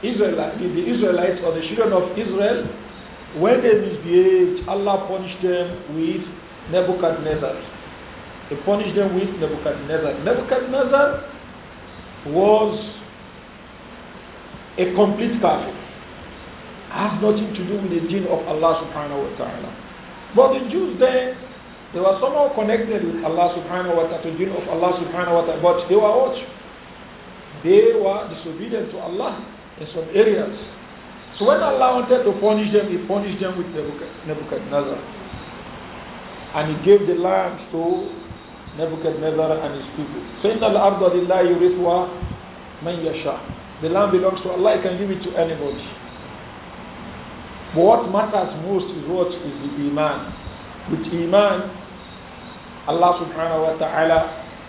Israel, the Israelites or the children of Israel, when they misbehaved, Allah punished them with Nebuchadnezzar. He punished them with Nebuchadnezzar. Nebuchadnezzar was a complete kafir. Has nothing to do with the deen of Allah subhanahu wa ta'ala. But the Jews then, they were somehow connected with Allah subhanahu wa ta'ala, the deen of Allah subhanahu wa ta'ala, but they were also. They were disobedient to Allah in some areas. So when Allah wanted to punish them, He punished them with Nebuchadnezzar. And He gave the land to Nebuchadnezzar and his people. So in yasha. The land belongs to Allah, He can give it to anybody. But what matters most is what is the Iman. With Iman, Allah subhanahu wa ta'ala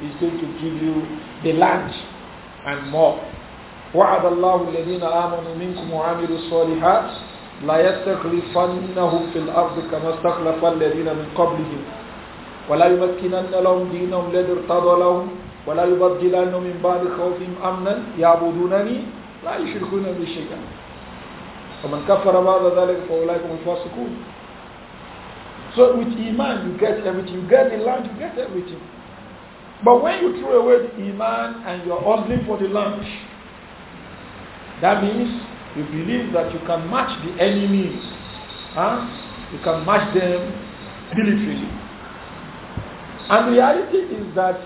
is going to give you the land and more. وعد الله الذين آمنوا منكم وعملوا الصالحات لا يستخلفنهم في الأرض كما استخلف الذين من قبلهم ولا يمكنن لهم دينهم الذي ارتضى لهم ولا يبدلن من بعد خوفهم أمنا يعبدونني لا يشركون بي شيئا فمن كفر بعد ذلك فأولئك هم الفاسقون So with Iman you get everything, you get the land, you get everything. But when you throw away the Iman and you're hustling for the lunch, that means you believe that you can match the enemies. Huh? You can match them militarily. And the reality is that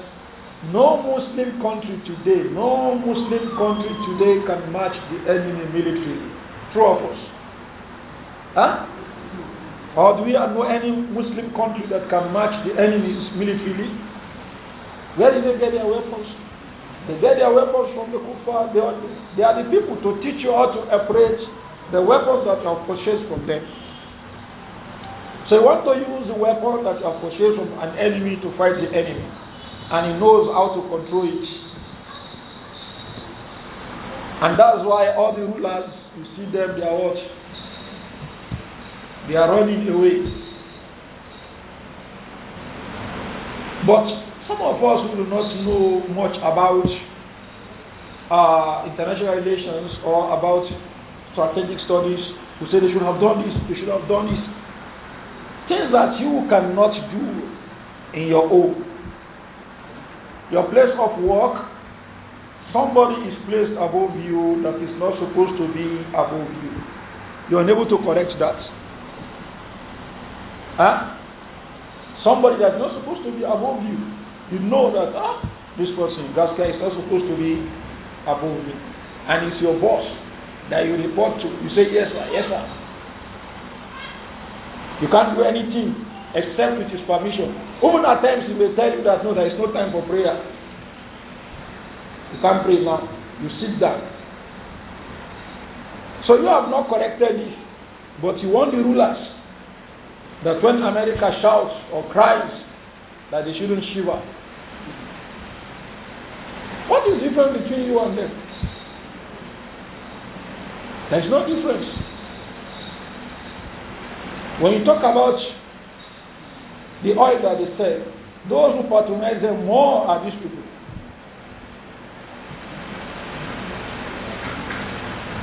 no Muslim country today, no Muslim country today can match the enemy militarily. True of us. Huh? Or do we have no any Muslim country that can match the enemies militarily? Where did they get their weapons? They get their weapons from the kuffar. They are, they are the people to teach you how to operate the weapons that you have purchased from them. So you want to use the weapon that you have purchased from an enemy to fight the enemy. And he knows how to control it. And that's why all the rulers, you see them, they are what? They are running away. But some of us who do not know much about uh, international relations or about strategic studies who say they should have done this, they should have done this. Things that you cannot do in your own. Your place of work, somebody is placed above you that is not supposed to be above you. You are unable to correct that. Huh? Somebody that's not supposed to be above you. You know that ah, this person, that guy is not supposed to be above me. And it's your boss that you report to. You say, yes, sir, yes, sir. You can't do anything except with his permission. Even at times, he may tell you that no, there is no time for prayer. You can't pray now. You sit down. So you have not corrected this, but you want the rulers that when America shouts or cries that they shouldn't shiver, what is the difference between you and them? There's no difference. When you talk about the oil that they sell, those who patronize them more are these people.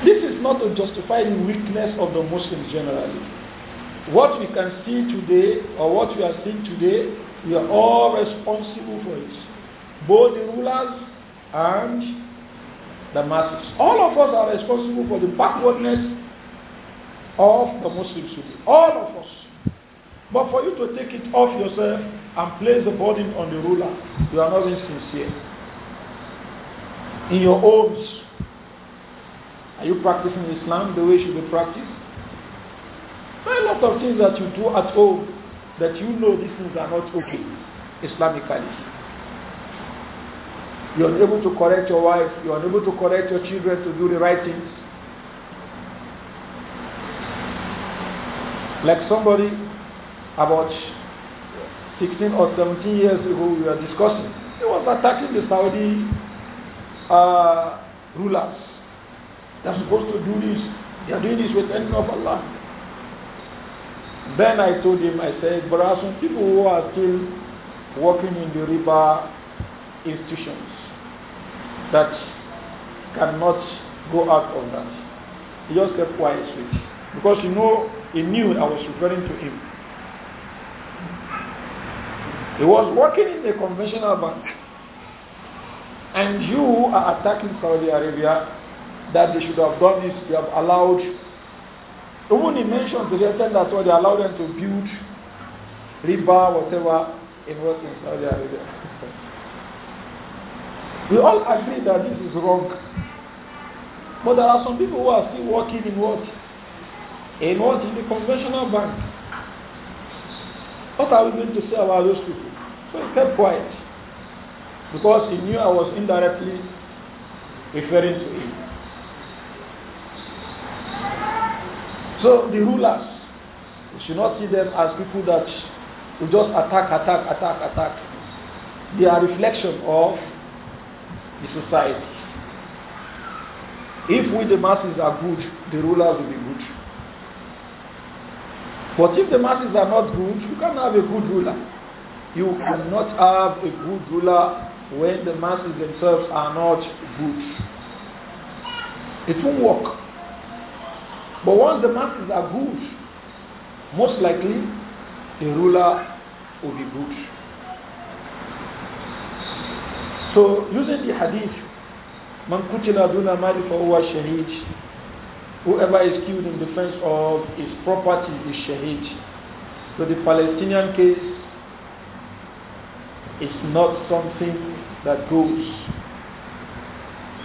This is not to justify the weakness of the Muslims generally. What we can see today or what we are seeing today, we are all responsible for it. Both the rulers and the masses. All of us are responsible for the backwardness of the Muslims today. All of us. But for you to take it off yourself and place the burden on the ruler, you are not being sincere. In your homes, are you practicing Islam the way it should be practiced? There are a lot of things that you do at home that you know these things are not okay Islamically. You are unable to correct your wife. You are unable to correct your children to do the right things. Like somebody about 16 or 17 years ago, we were discussing. He was attacking the Saudi uh, rulers. They're supposed to do this. They are doing this with the of Allah. Then I told him, I said, there are some people who are still working in the riba institutions that cannot go out of that. He just kept quiet with it. Because you know, he knew I was referring to him. He was working in the conventional bank. And you are attacking Saudi Arabia that they should have done this, they have allowed. Even he mentioned to the extent that what oh, they allowed them to build riba, whatever, in Western Saudi Arabia. We all agree that this is wrong. But there are some people who are still working in what? In what? In the conventional bank. What are we going to say about those people? So he kept quiet. Because he knew I was indirectly referring to him. So the rulers, you should not see them as people that will just attack, attack, attack, attack. They are reflection of the society. If we, the masses, are good, the rulers will be good. But if the masses are not good, you can't have a good ruler. You cannot have a good ruler when the masses themselves are not good. It won't work. But once the masses are good, most likely the ruler will be good. So using the hadith, Man kutila duna mali fahuwa shaheed. Whoever is killed in defense of his property is shaheed. So the Palestinian case is not something that goes.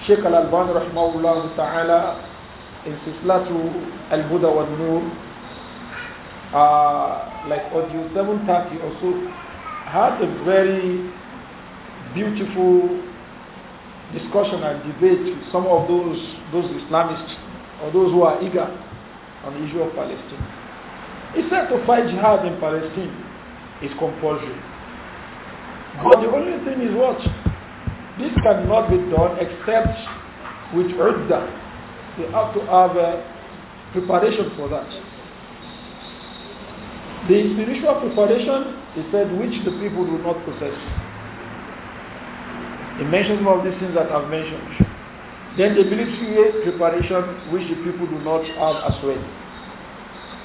Sheikh Al-Alban rahmahullah ta'ala in Sislatu al buda wa Nur uh, like audio 730 or so had a very beautiful discussion and debate with some of those, those Islamists or those who are eager on the issue of Palestine. He said to fight jihad in Palestine is compulsory. But the only thing is what? This cannot be done except with Udda. They have to have a uh, preparation for that. The spiritual preparation, he said, which the people do not possess. He mentions all these things that I've mentioned. Then the military preparation which the people do not have as well.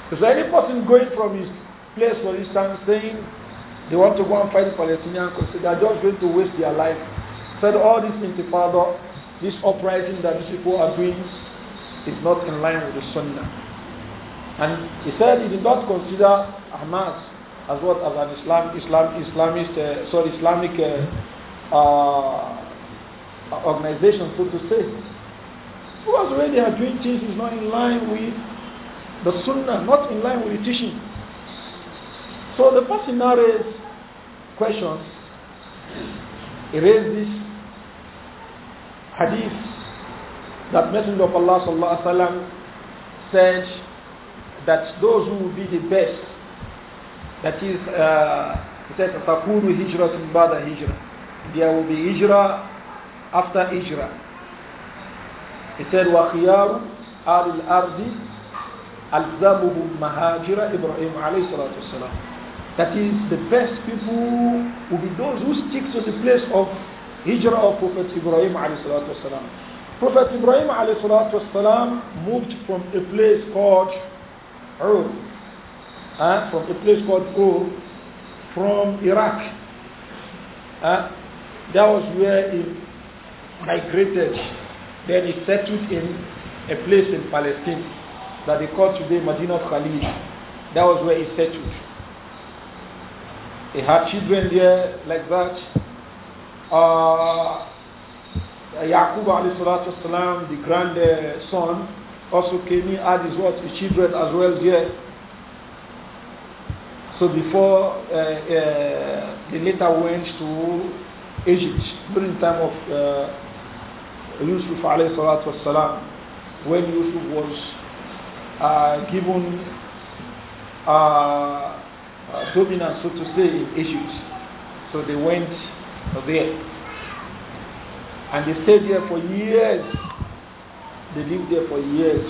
So any person going from his place, for instance, saying they want to go and fight the Palestinians because they are just going to waste their life. Said all this intifada, this uprising that these people are doing is not in line with the Sunnah. And he said he did not consider Hamas as what as an Islam, Islam Islamist, uh, sorry, Islamic uh, uh, organization, so to say. who has already are doing things is not in line with the sunnah, not in line with the teaching. So the person now raised questions. He raised this hadith that Messenger of Allah sallallahu alaihi wasallam said that those who will be the best, that is, uh, he said, "Takuru hijratun bada hijra." there will be hijrah after hijrah. He said, وَخِيَارُ آلِ الْأَرْضِ أَلْزَمُهُمْ مَهَاجِرَ Ibrahim عَلَيْهِ salatu wasalam. That is, the best people will be those who stick to the place of hijrah of Prophet Ibrahim والسلام. Prophet Ibrahim والسلام, moved from a place called Ur, uh, from a place called Ur, from Iraq. Uh, That was where he migrated. Then he settled in a place in Palestine that they call today Medina Khalid. That was where he settled. He had children there like that. Uh, Yaqub والسلام, the grandson, also came in, had his, what, his children as well there. So before uh, uh, they later went to Egypt during the time of uh, Yusuf alayhi salatu wasalam, when Yusuf was uh, given uh, uh, dominance, so to say, in Egypt. So they went there. And they stayed there for years. They lived there for years.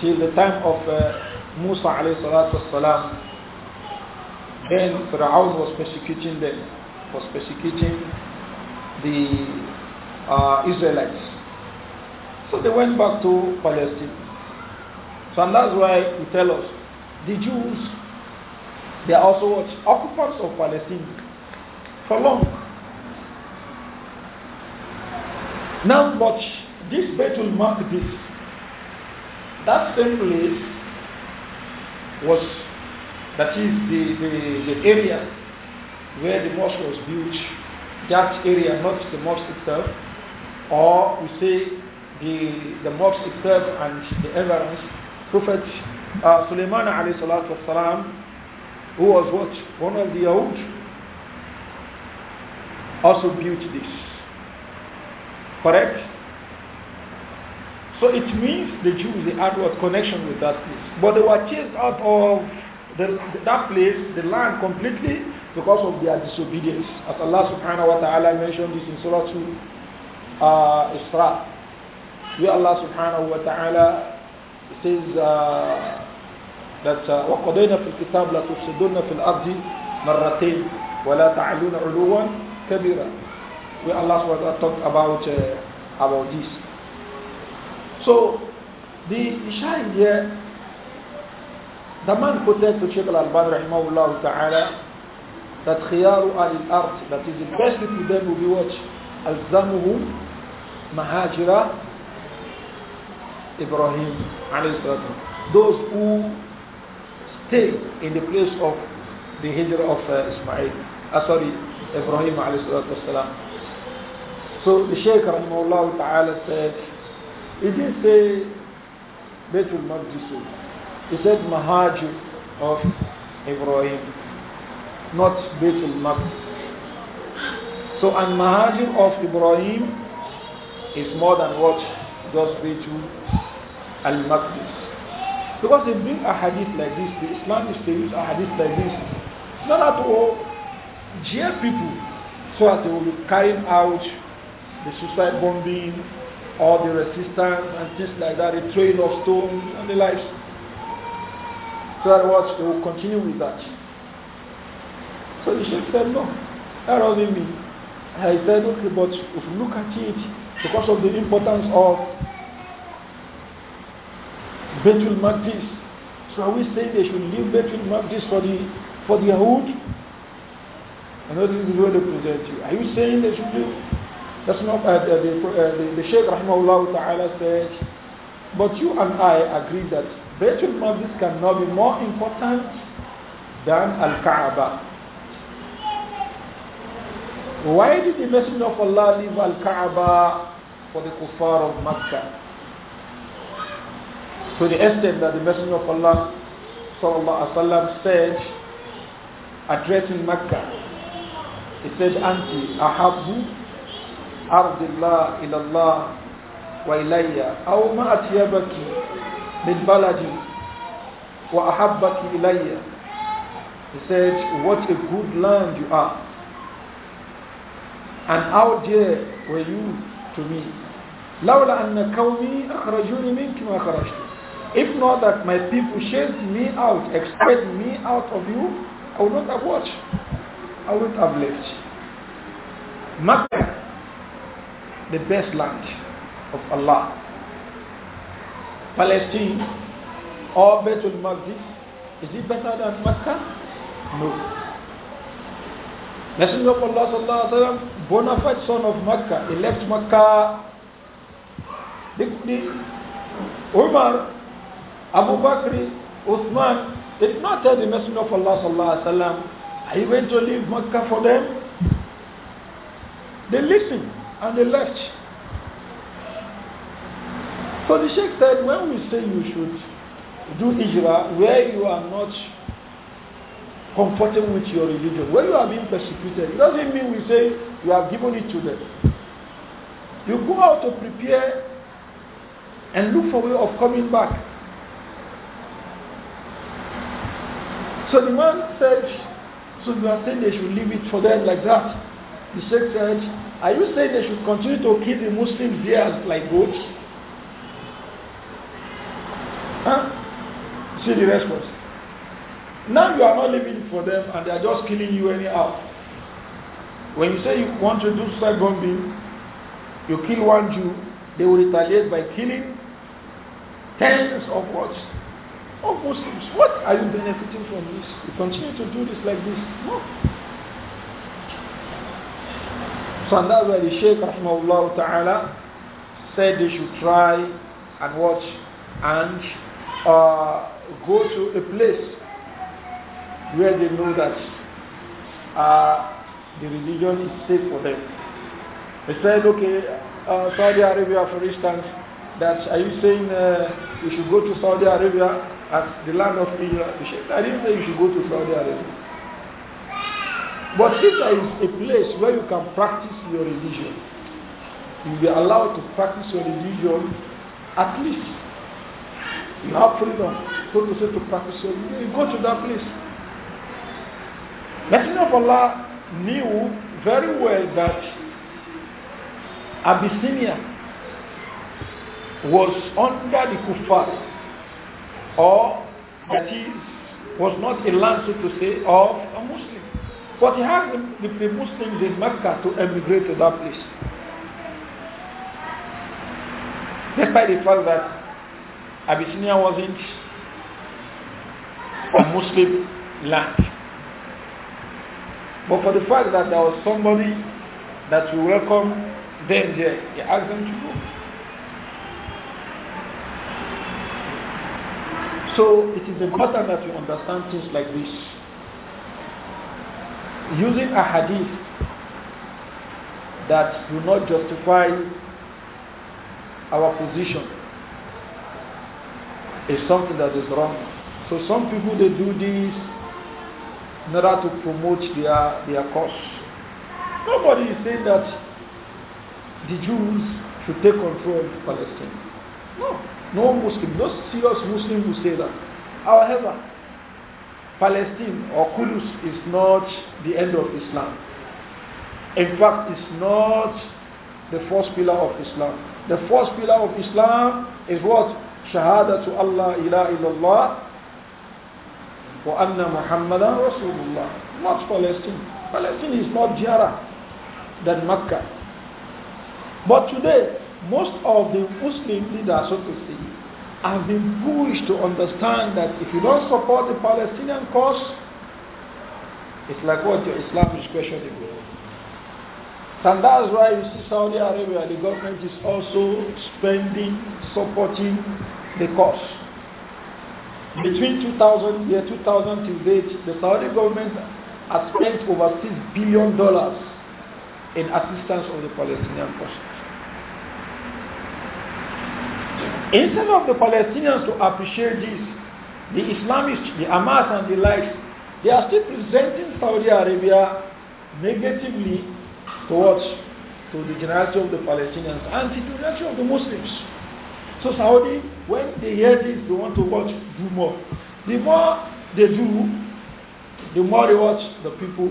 Till the time of uh, Musa alayhi salatu wasalam. Then Pharaoh was persecuting them was persecuting the uh, Israelites. So they went back to Palestine. So and that's why he tell us the Jews, they are also occupants of Palestine for long. Now watch this battle marked this That same place was, that is the, the, the area where the mosque was built, that area, not the mosque itself, or we say the, the mosque itself and the evidence, Prophet uh, Sulaiman alayhi salatu who was what? One of the Yahud, also built this. Correct? So it means the Jews, they had what connection with that place. But they were chased out of the, that place, the land completely because of their disobedience. As Allah subhanahu wa ta'ala mentioned this in Surah 2, uh, Isra, where Allah subhanahu wa ta'ala says uh, that uh, وَقَضَيْنَا فِي الْكِتَابِ لَتُفْسِدُنَّ فِي الْأَرْضِ مَرَّتَيْنِ وَلَا تَعْلُونَ عُلُوًا كَبِيرًا Where Allah subhanahu wa ta'ala talked about, uh, about this. So, the issue here Someone quoted to Sheikh Al-Alban rahimahullah ta'ala that khiyaru al-art, that is the best people then will be what? Al-zamuhum mahajira Ibrahim Those who stay in the place of the hijrah of uh, Ismail, uh, sorry, Ibrahim So the Shaykh rahimahullah ta'ala said, he didn't say Baitul Maqdis He said Mahaj of Ibrahim, not Baitul Maqdis. So, and Mahaj of Ibrahim is more than what just Baitul Al Maqdis. Because they bring a hadith like this, the Islamists they use a hadith like this, not at all jail people so that they will be carrying out the suicide bombing or the resistance and things like that, the throwing of stones and the likes. So that what they will continue with that. So the Sheikh said, No, that doesn't mean. I said, okay, but if you look at it, because of the importance of Betul Maqdis, so are we saying they should leave Betul Maqdis for the for the Yahud? And is the way they present you. Are you saying they should leave? That's not uh, the, uh, the, the Sheikh Rahimahullah Ta'ala said, but you and I agree that Baitul Maqdis cannot be more important than Al-Kaaba. Why did the Messenger of Allah leave Al-Kaaba for the kuffar of Makkah? To the extent that the Messenger of Allah sallallahu wasallam, said, addressing Makkah, he said, Anti ahabu ardillah ilallah wa ilayya aw ma atyabaki من بلدي وأحبك إلي He said, what a good land you are. And how dear were you to me. لولا أن قومي أخرجوني منك ما خرجت. If not that my people chased me out, expelled me out of you, I would not have watched. I would not have left. Makkah, the best land of Allah. Palestine or Bethel Magdis? Is it better than Mecca? No. Messenger of Allah sallallahu alaihi wasallam, bona fide son of Mecca, he left Mecca. The, the Umar, Abu Bakr, Uthman, did not tell the Messenger of Allah sallallahu alaihi wasallam, I went to leave Mecca for them. They listened and they left. So the Sheikh said, when we say you should do Ijra where you are not comfortable with your religion, where you are being persecuted, it doesn't mean we say you have given it to them. You go out to prepare and look for a way of coming back. So the man said, so you are saying they should leave it for them like that. The Sheikh said, are you saying they should continue to kill the Muslims here like goats? See the response. Now you are not living for them and they are just killing you anyhow. When you say you want to do suicide bombing, you kill one Jew, they will retaliate by killing tens of what? Of Muslims. What are you benefiting from this? You continue to do this like this? No. So and that's why the Shaykh Rahmahullah Ta'ala said they should try and watch and uh, go to a place where they know that uh, the religion is safe for them. They said, okay, uh, Saudi Arabia, for instance, that are you saying uh, you should go to Saudi Arabia as the land of Israel? I didn't say you should go to Saudi Arabia. But if there is a place where you can practice your religion, you'll be allowed to practice your religion at least you have freedom. People say to practice your You go to that place. Messenger of Allah knew very well that Abyssinia was under the Kufar, or that he was not a land, so to say, of a Muslim. But he had the, the Muslims in Mecca to emigrate to that place. Despite the fact that Abyssinia wasn't a Muslim land. But for the fact that there was somebody that will welcome them there, he asked them to go. So it is important that we understand things like this. Using a hadith that do not justify our position is something that is wrong. So some people they do this in order to promote their their cause. Nobody is saying that the Jews should take control of Palestine. No, no Muslim, no serious Muslim will say that. However, Palestine or Kudus is not the end of Islam. In fact, it's not the first pillar of Islam. The first pillar of Islam is what? to Allah ilaha illallah wa anna Muhammadan Rasulullah. Not Palestine. Palestine is not Jara than Mecca. But today, most of the Muslim leaders, so to say, have been pushed to understand that if you don't support the Palestinian cause, it's like what your Islam is questionable. And that's why you see Saudi Arabia, the government is also spending, supporting the cost. Between 2000, year 2000 to date, the Saudi government has spent over $6 billion in assistance of the Palestinian cause. Instead of the Palestinians to appreciate this, the Islamists, the Hamas and the likes, they are still presenting Saudi Arabia negatively towards to the generality of the Palestinians and to the generality of the Muslims. So Saudi, when they hear this, they want to watch, do more. The more they do, the more they watch the people.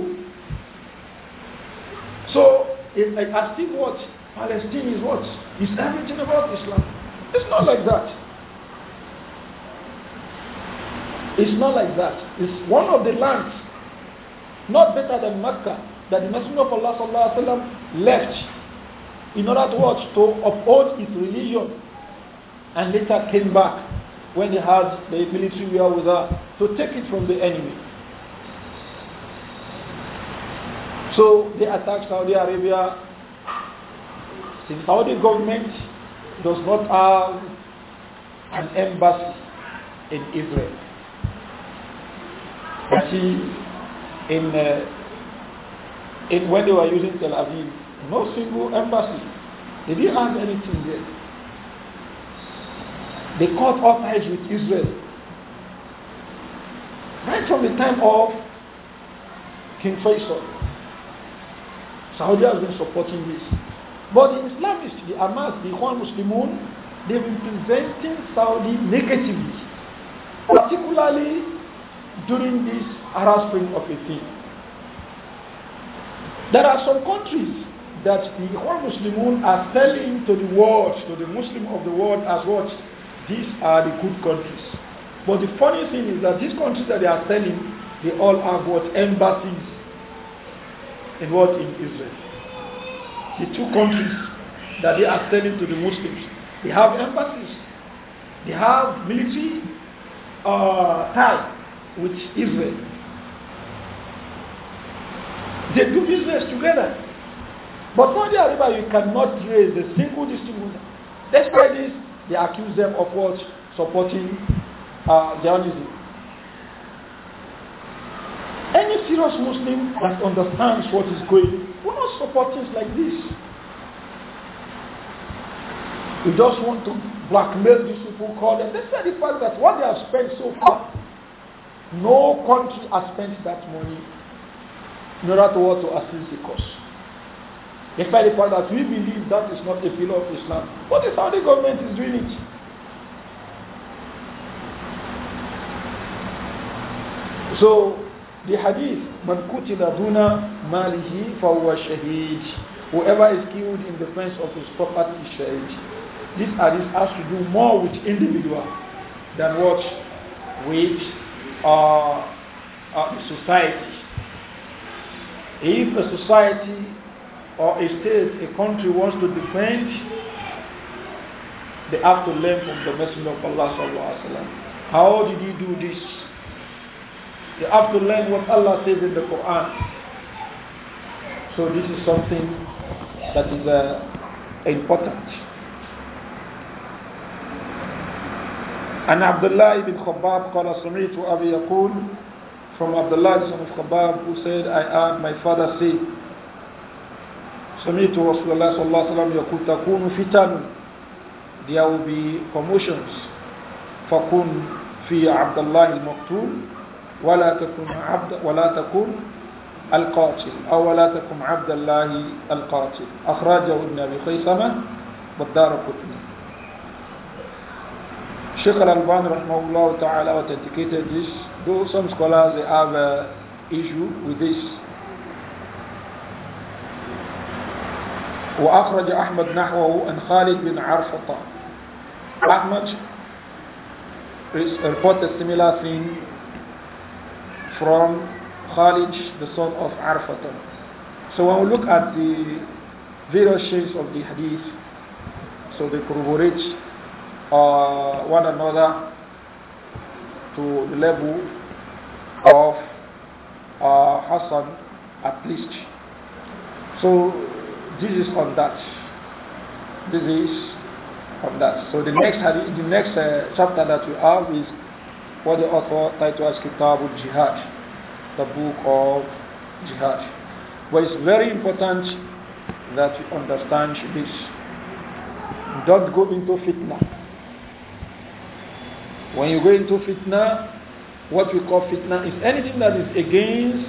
So it, like, what Palestine is what? It's everything about Islam. It's not like that. It's not like that. It's one of the lands, not better than Mecca, that the Messenger of Allah وسلم, left in order to watch, to uphold his religion and later came back when they had the military with her to take it from the enemy. So they attacked Saudi Arabia. The Saudi government does not have an embassy in Israel. But see, in, uh, in when they were using Tel Aviv, no single embassy. They didn't have anything there. They cut off ties with Israel. Right from the time of King Faisal. Saudi has been supporting this. But the Islamists, the Hamas, the Ikhwan Muslimun, they've been presenting Saudi negatively, particularly during this Arab Spring of thing. There are some countries that the Ikhwan Muslimun are selling to the world, to the Muslim of the world as what? These are the good countries. But the funny thing is that these countries that they are selling, they all have what embassies in what in Israel. The two countries that they are selling to the Muslims, they have embassies. They have military uh, tie with Israel. They do business together. But Saudi Arabia, you cannot raise a single distributor. Despite this, they accuse them of what? Supporting uh, Zionism. Any serious Muslim that understands what is going will not support things like this. We just want to blackmail these people, call them. They say the fact that what they have spent so far, no country has spent that money in order to, to assist the cause. Despite the fact that we believe that is not a pillar of Islam. But the Saudi government is doing it. So the hadith, Man kutila duna malihi fahuwa shaheed. Whoever is killed in defense of his property is shaheed. This hadith has to do more with individual than what with uh, uh, society. If a society or a state, a country wants to defend, they have to learn from the Messenger of Allah. How did he do this? They have to learn what Allah says in the Quran. So this is something that is uh, important. And Abdullah ibn Khabbab called to سمعت أبي from Abdullah son of who said I heard my father say سمعت رسول الله صلى الله عليه وسلم يقول تكون فتن there will be commotions فكن في عبد الله المقتول ولا تكن عبد ولا تكن القاتل أو ولا تكن عبد الله القاتل أخرجه ابن أبي خيثمة والدار قطني شيخ الالبان رحمه الله تعالى authenticated this, though some scholars they have an issue with this وأخرج أحمد نحوه عن خالد بن عرفطة Ahmad reported a similar thing from Khalid, the son of Arfata. So when we look at the various shades of the hadith, so they corroborate uh, one another to the level of uh, Hassan at least. So this is on that. This is on that. So the next hadith, the next uh, chapter that we have is what the author titled as Kitabul Jihad, the book of jihad. But it's very important that you understand this. Don't go into fitna. When you go into fitna, what we call fitna is anything that is against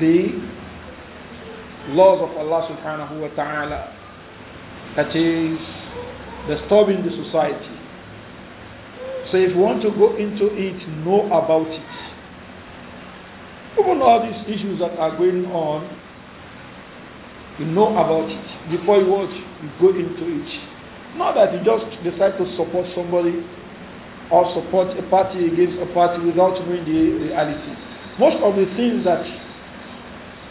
the laws of Allah subhanahu wa ta'ala. That is disturbing the society. So if you want to go into it, know about it. Even all these issues that are going on, you know about it before you watch, you go into it. Not that you just decide to support somebody or support a party against a party without knowing the realities. Most of the things that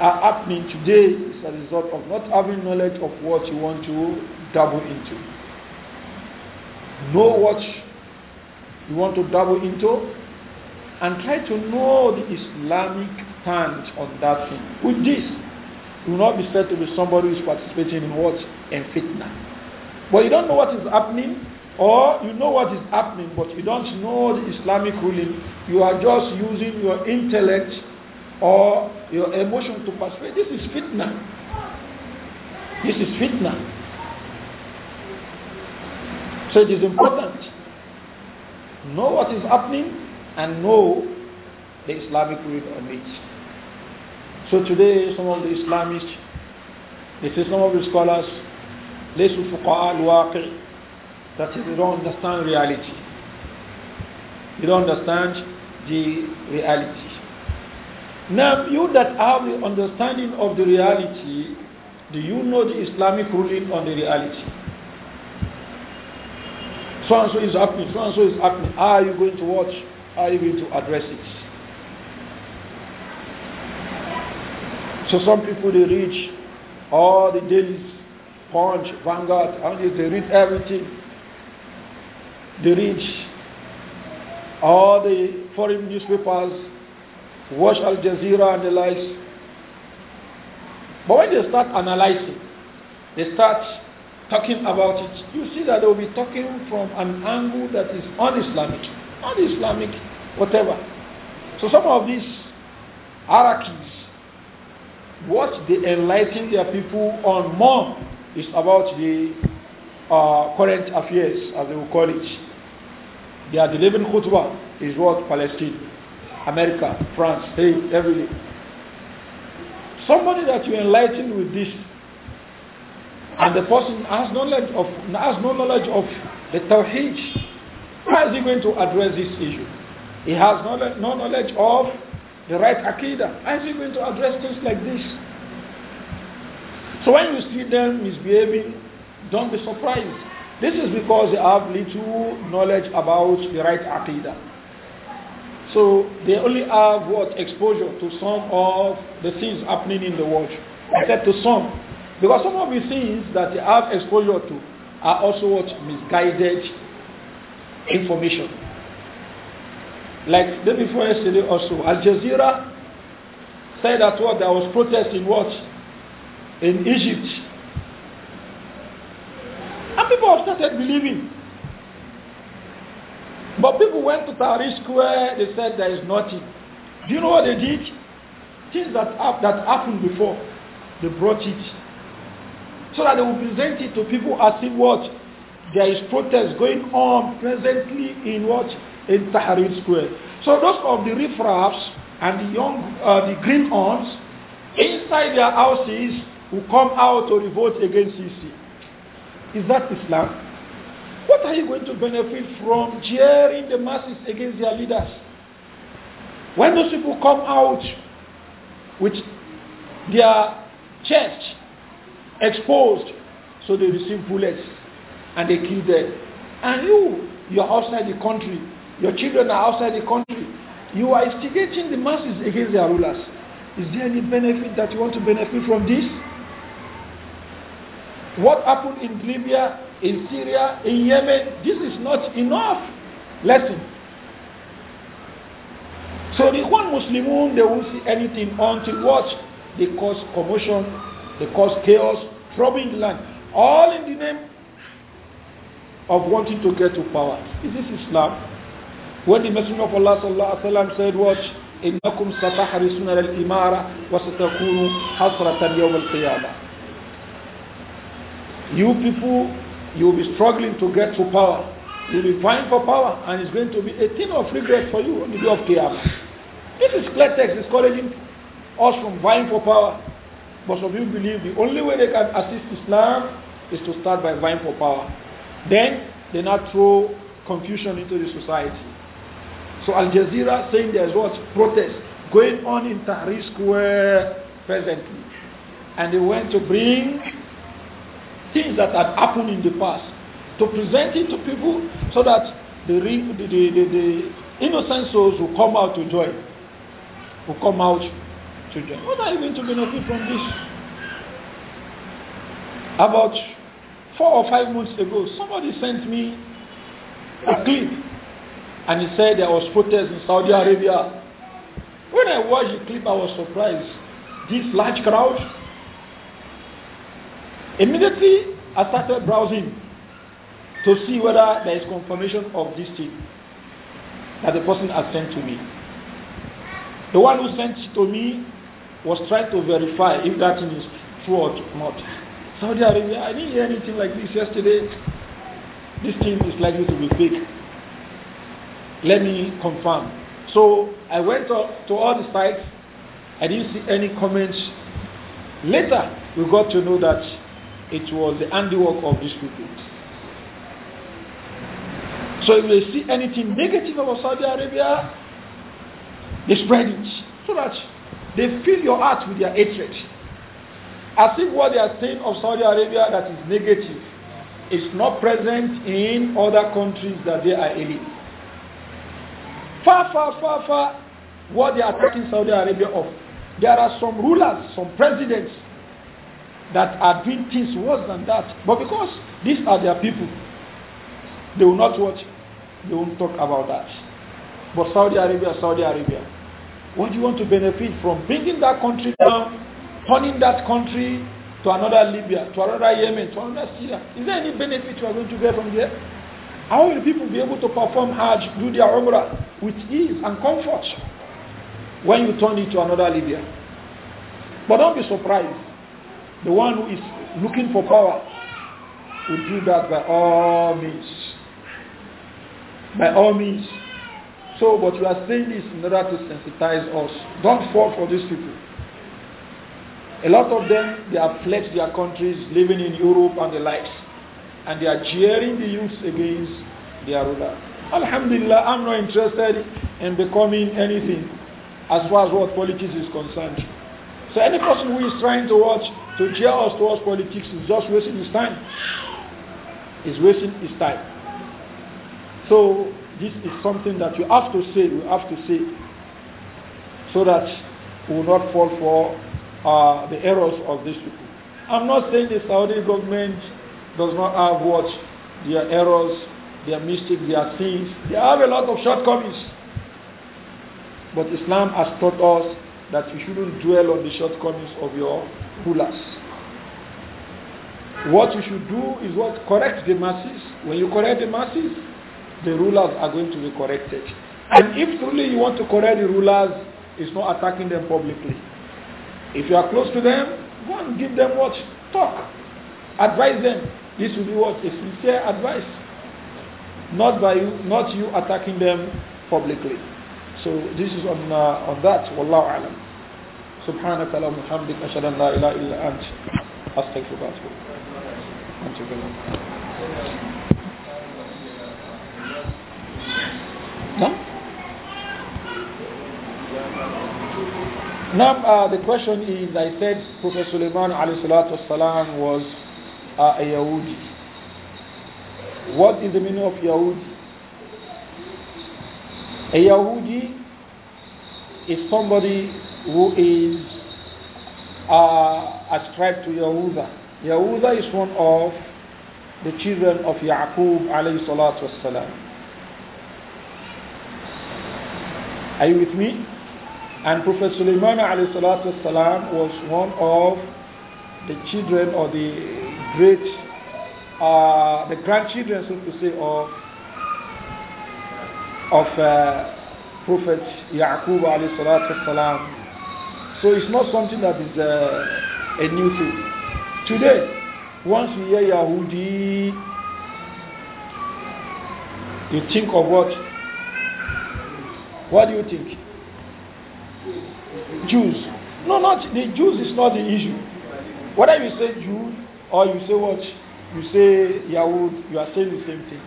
are happening today is a result of not having knowledge of what you want to dabble into. Know what you want to dabble into and try to know the Islamic stand on that thing. With this, you will not be said to be somebody who is participating in what? In fitna. But you don't know what is happening, or you know what is happening, but you don't know the Islamic ruling. You are just using your intellect or your emotion to persuade. This is fitna. This is fitna. So it is important. Know what is happening and know the Islamic read on it. So today some of the Islamists, they say some of the scholars, ليسوا فقهاء الواقع that is they don't understand reality. They don't understand the reality. Now, you that have the understanding of the reality, do you know the Islamic ruling on the reality? So and so is happening, so and so is happening. How are you going to watch? How are you going to address it? So some people they read all the dailies, Punch, Vanguard, and they read everything. They read all the foreign newspapers watch Al Jazeera and the likes. But when they start analyzing, they start talking about it, you see that they will be talking from an angle that is un-Islamic, un-Islamic, whatever. So some of these hierarchies, what they enlighten their people on more is about the uh, current affairs, as they will call it. They are delivering khutbah is what Palestine. America, France, hey, every day. Somebody that you enlighten with this, and the person has no knowledge of, has no knowledge of the Tawheed, how is he going to address this issue? He has no, no knowledge of the right Aqidah. How is he going to address things like this? So when you see them misbehaving, don't be surprised. This is because they have little knowledge about the right akida. So they only have what exposure to some of the things happening in the world, except to some, because some of the things that they have exposure to are also what misguided information. Like the day before yesterday, also Al Jazeera said that what there was protest in what in Egypt, and people have started believing but people went to Tahrir Square, they said there is nothing. Do you know what they did? Things that, that happened before, they brought it. So that they will present it to people as if what? There is protest going on presently in what? In Tahrir Square. So those of the riffraffs and the young, uh, the green horns, inside their houses will come out to revolt against CC. Is that Islam? What are you going to benefit from jeering the masses against their leaders? When those people come out with their chest exposed, so they receive bullets and they kill them. And you, you're outside the country, your children are outside the country, you are instigating the masses against their rulers. Is there any benefit that you want to benefit from this? What happened in Libya in Syria, in Yemen, this is not enough lesson. So the whole Muslimun, they won't see anything until what? They cause commotion, they cause chaos, troubling the land. All in the name of wanting to get to power. Is this Islam? When the Messenger of Allah sallallahu alaihi wasallam said, watch, إنكم ستحرسون على الإمارة وستكون حسرة يوم القيامة. You people you will be struggling to get to power. You'll be vying for power, and it's going to be a thing of regret for you on the day of chaos. This is clear text discouraging us from vying for power. Most of you believe the only way they can assist Islam is to start by vying for power. Then they now throw confusion into the society. So Al Jazeera saying there's what protest going on in Tahrir Square presently, and they went to bring things that had happened in the past to present it to people so that the, the, the, the innocent souls will come out to join, Will come out to join. What are you going to benefit from this? About four or five months ago, somebody sent me a clip and he said there was protest in Saudi Arabia. When I watched the clip, I was surprised. This large crowd Immediately, I started browsing to see whether there is confirmation of this thing that the person has sent to me. The one who sent it to me was trying to verify if that thing is true or not. Saudi Arabia, I didn't hear anything like this yesterday. This thing is likely to be fake. Let me confirm. So I went to all the sites. I didn't see any comments. Later, we got to know that it was the handiwork of these people. So if they see anything negative about Saudi Arabia, they spread it so that they fill your heart with their hatred. I think what they are saying of Saudi Arabia that is negative is not present in other countries that they are in. Far, far, far, far, what they are attacking Saudi Arabia of. There are some rulers, some presidents that are doing things worse than that. But because these are their people, they will not watch, they won't talk about that. But Saudi Arabia, Saudi Arabia, won't you want to benefit from bringing that country down, turning that country to another Libya, to another Yemen, to another Syria? Is there any benefit you are going to get from there? How will people be able to perform Hajj, do their Umrah with ease and comfort when you turn it to another Libya? But don't be surprised the one who is looking for power will do that by all means. By all means. So what you are saying is in order to sensitize us. Don't fall for these people. A lot of them, they have fled their countries, living in Europe and the likes. And they are jeering the youth against their ruler. Alhamdulillah, I'm not interested in becoming anything as far as what politics is concerned. So any person who is trying to watch to cheer us towards politics is just wasting his time. Is wasting his time. So this is something that you have to say, We have to say, so that we will not fall for uh, the errors of these people. I'm not saying the Saudi government does not have what their errors, their mistakes, their sins. They have a lot of shortcomings. But Islam has taught us that we shouldn't dwell on the shortcomings of your pullers. What you should do is what? Correct the masses. When you correct the masses, the rulers are going to be corrected. And if truly you want to correct the rulers, it's not attacking them publicly. If you are close to them, go and give them what? Talk. Advise them. This will be what? A sincere advice. Not by you, not you attacking them publicly. So this is on uh, on that. Wallahu alam. سبحانك اللهم وبحمدك أشهد أن لا إله إلا أنت أستغفرك أنت Now, uh, the question is, I said Prophet Suleiman والسلام, was uh, a Yahudi. What is the meaning of Yahudi? A Yahudi is somebody who is uh, ascribed to Yahuda. Yahuda is one of the children of Yaqub alayhi salatu wasalam. Are you with me? And Prophet Sulaiman alayhi salatu wasalam was one of the children or the great, uh, the grandchildren, so to say, of of uh, Prophet Yaqub alayhi salatu wasalam so it's not something that is uh, a new thing. Today, once you hear Yahudi, you think of what? What do you think? Jews. No, not the Jews is not the issue. Whether you say Jews or you say what? You say Yahud, you are saying the same thing.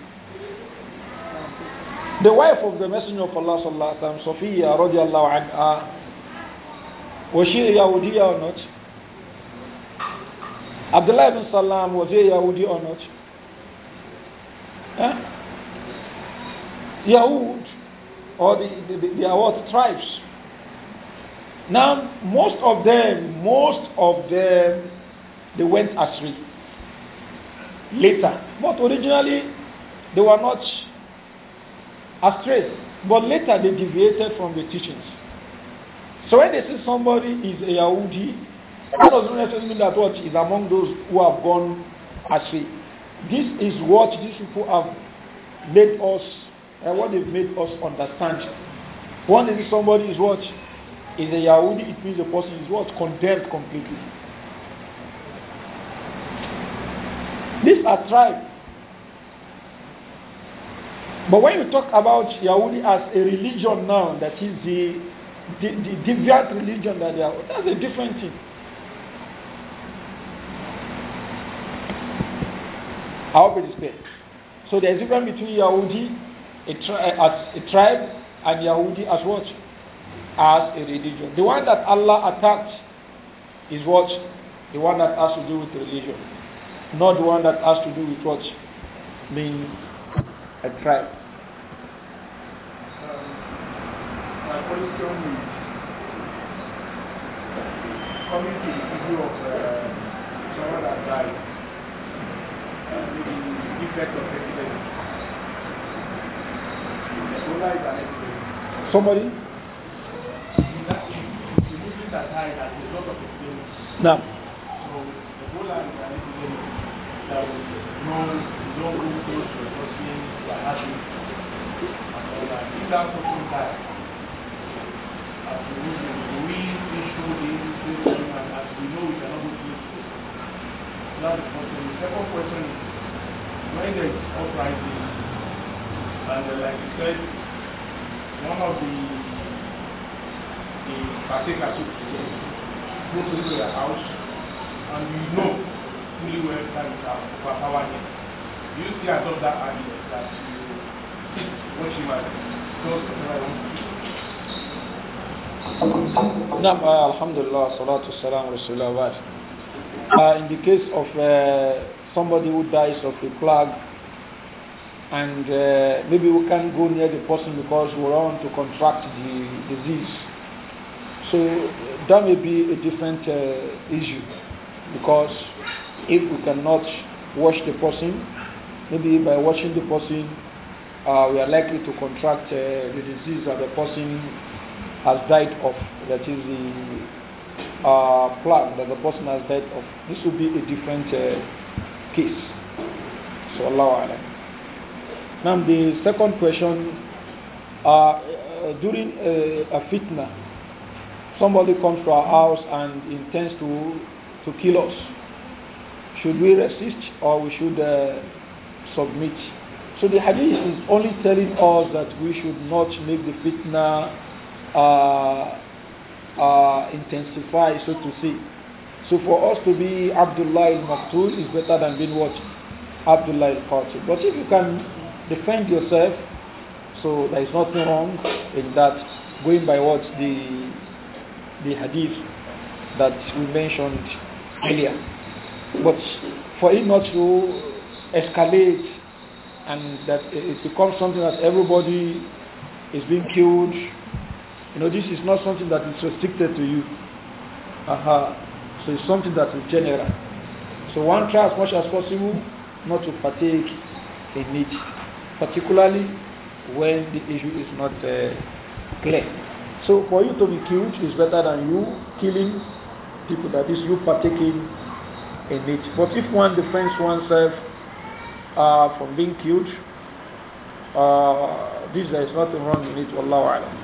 The wife of the Messenger of Allah, Sallallahu Alaihi Wasallam, Sophia, radiallahu anha, was she a Yahudi or not? Abdullah ibn Salam, was he a Yahudi or not? Huh? Yahud, or the, the, the, the what, tribes. Now, most of them, most of them, they went astray later. But originally, they were not astray. But later, they deviated from the teachings. So when they see somebody is a Yahudi, that doesn't necessarily mean that what is among those who have gone astray. This is what these people have made us, uh, what they've made us understand. One is somebody is what is a Yahudi, it means the person is what condemned completely. These are tribes. But when you talk about Yahudi as a religion now, that is the the, the deviant religion that they are. That's a different thing. I hope it is clear. So there's a difference between Yahudi a eh, as a tribe and Yahudi as what? As a religion. The one that Allah attacked is what? The one that has to do with religion. Not the one that has to do with what? Being a tribe. my policy is coming to the issue of uh, someone that died and the effect of evidence. Ebola is an evidence. Somebody? that died has a lot of evidence. No. So Ebola is an evidence that was known, known close to a person that has And all that. If that person died, That's the first question. The second question is, when there is uprising, and like you said, one of the the partakers of the go to their house, and you know fully well that is our power here. You still adopt that idea that what you are doing, just Now, uh, Alhamdulillah, salatu salam, Rasulullah. Uh, in the case of uh, somebody who dies of a plague, and uh, maybe we can't go near the person because we want to contract the disease. So that may be a different uh, issue because if we cannot wash the person, maybe by washing the person, uh, we are likely to contract uh, the disease that the person has died of. That is the uh, plan that the person has died of. This will be a different uh, case. So Allah Alam. Now the second question, uh, uh during uh, a fitna, somebody comes to our house and intends to, to kill us. Should we resist or we should uh, submit? So the hadith is only telling us that we should not make the fitna uh, uh, intensify, so to say. So for us to be Abdullah al-Maktul is better than being what? Abdullah al-Qatil. But if you can defend yourself, so there is nothing wrong in that, going by what the, the hadith that we mentioned earlier. But for it not to escalate and that it becomes something that everybody is being killed you know, this is not something that is restricted to you. Uh -huh. So it's something that is general. So one try as much as possible not to partake in it, particularly when the issue is not uh, clear. So for you to be killed is better than you killing people, that is you partaking in it. But if one defends oneself uh, from being killed, uh, this there is nothing wrong in it, Wallahu Alam.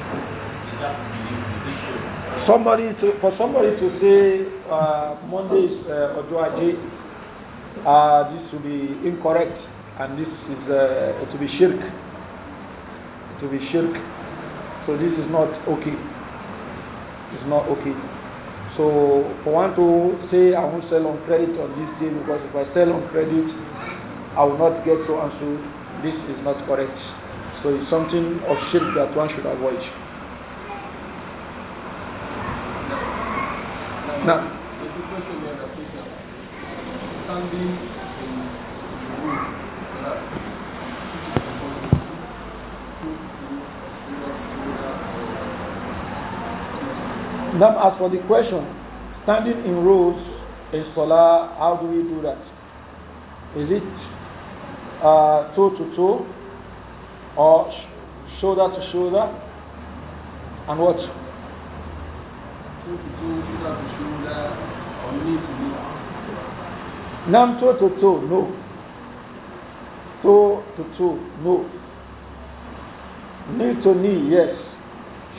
Somebody to, for somebody to say uh, Monday is uh, Ojo uh, this will be incorrect and this is uh, to be shirk. To be shirk. So this is not okay. It's not okay. So for one to say I won't sell on credit on this day because if I sell on credit, I will not get so and so. This is not correct. So it's something of shirk that one should avoid. Now, now as for the question, standing in rows in Salah, how do we do that? Is it two uh, toe to toe or shoulder to shoulder? And what? Nam toe to knee. no. Toe to toe, no. Knee to knee, yes.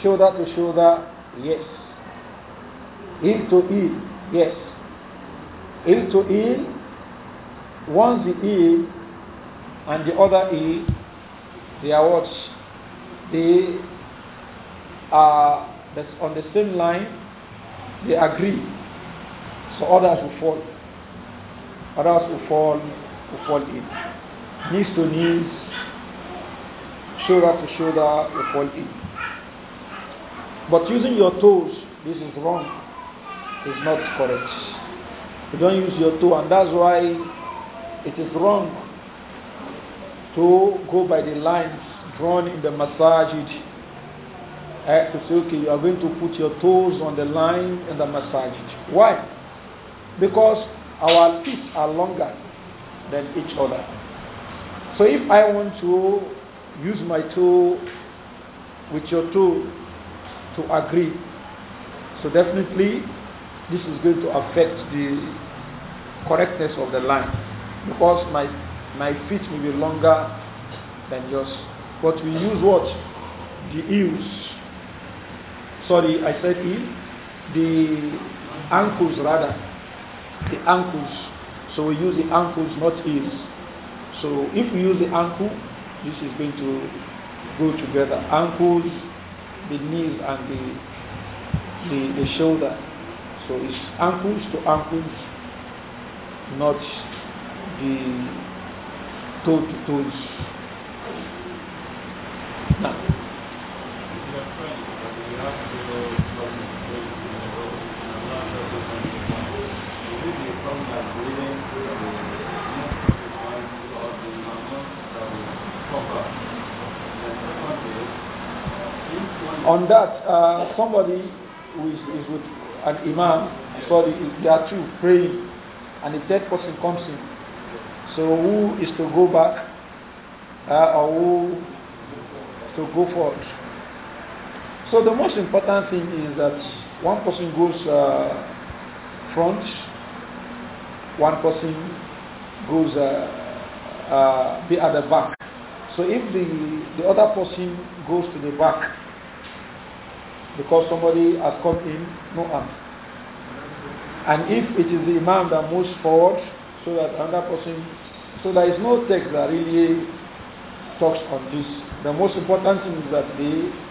Shoulder to shoulder, yes. Heel to heel, yes. Heel to heel, one the heel and the other heel, they are what? They are that's on the same line they agree. So others will fall. Others will fall, will fall in. Knees to knees, shoulder to shoulder will fall in. But using your toes, this is wrong. It's not correct. You don't use your toe, and that's why it is wrong to go by the lines drawn in the masajid have to say, okay, you are going to put your toes on the line and the massage. Why? Because our feet are longer than each other. So if I want to use my toe with your toe to agree, so definitely this is going to affect the correctness of the line because my my feet may be longer than yours. But we use what? The heels sorry, I said heel, the ankles rather, the ankles. So we use the ankles, not heels. So if we use the ankle, this is going to go together. Ankles, the knees, and the the, the shoulder. So it's ankles to ankles, not the toe to toes. Now. On that, uh, somebody who is, is, with an imam, sorry, they are two praying, and the third person comes in. So who is to go back, uh, or who to go forward? So the most important thing is that one person goes uh, front, one person goes uh, uh, be at the back. So if the, the other person goes to the back because somebody has come in, no harm. And if it is the imam that moves forward, so that another person, so there is no text that really talks on this. The most important thing is that the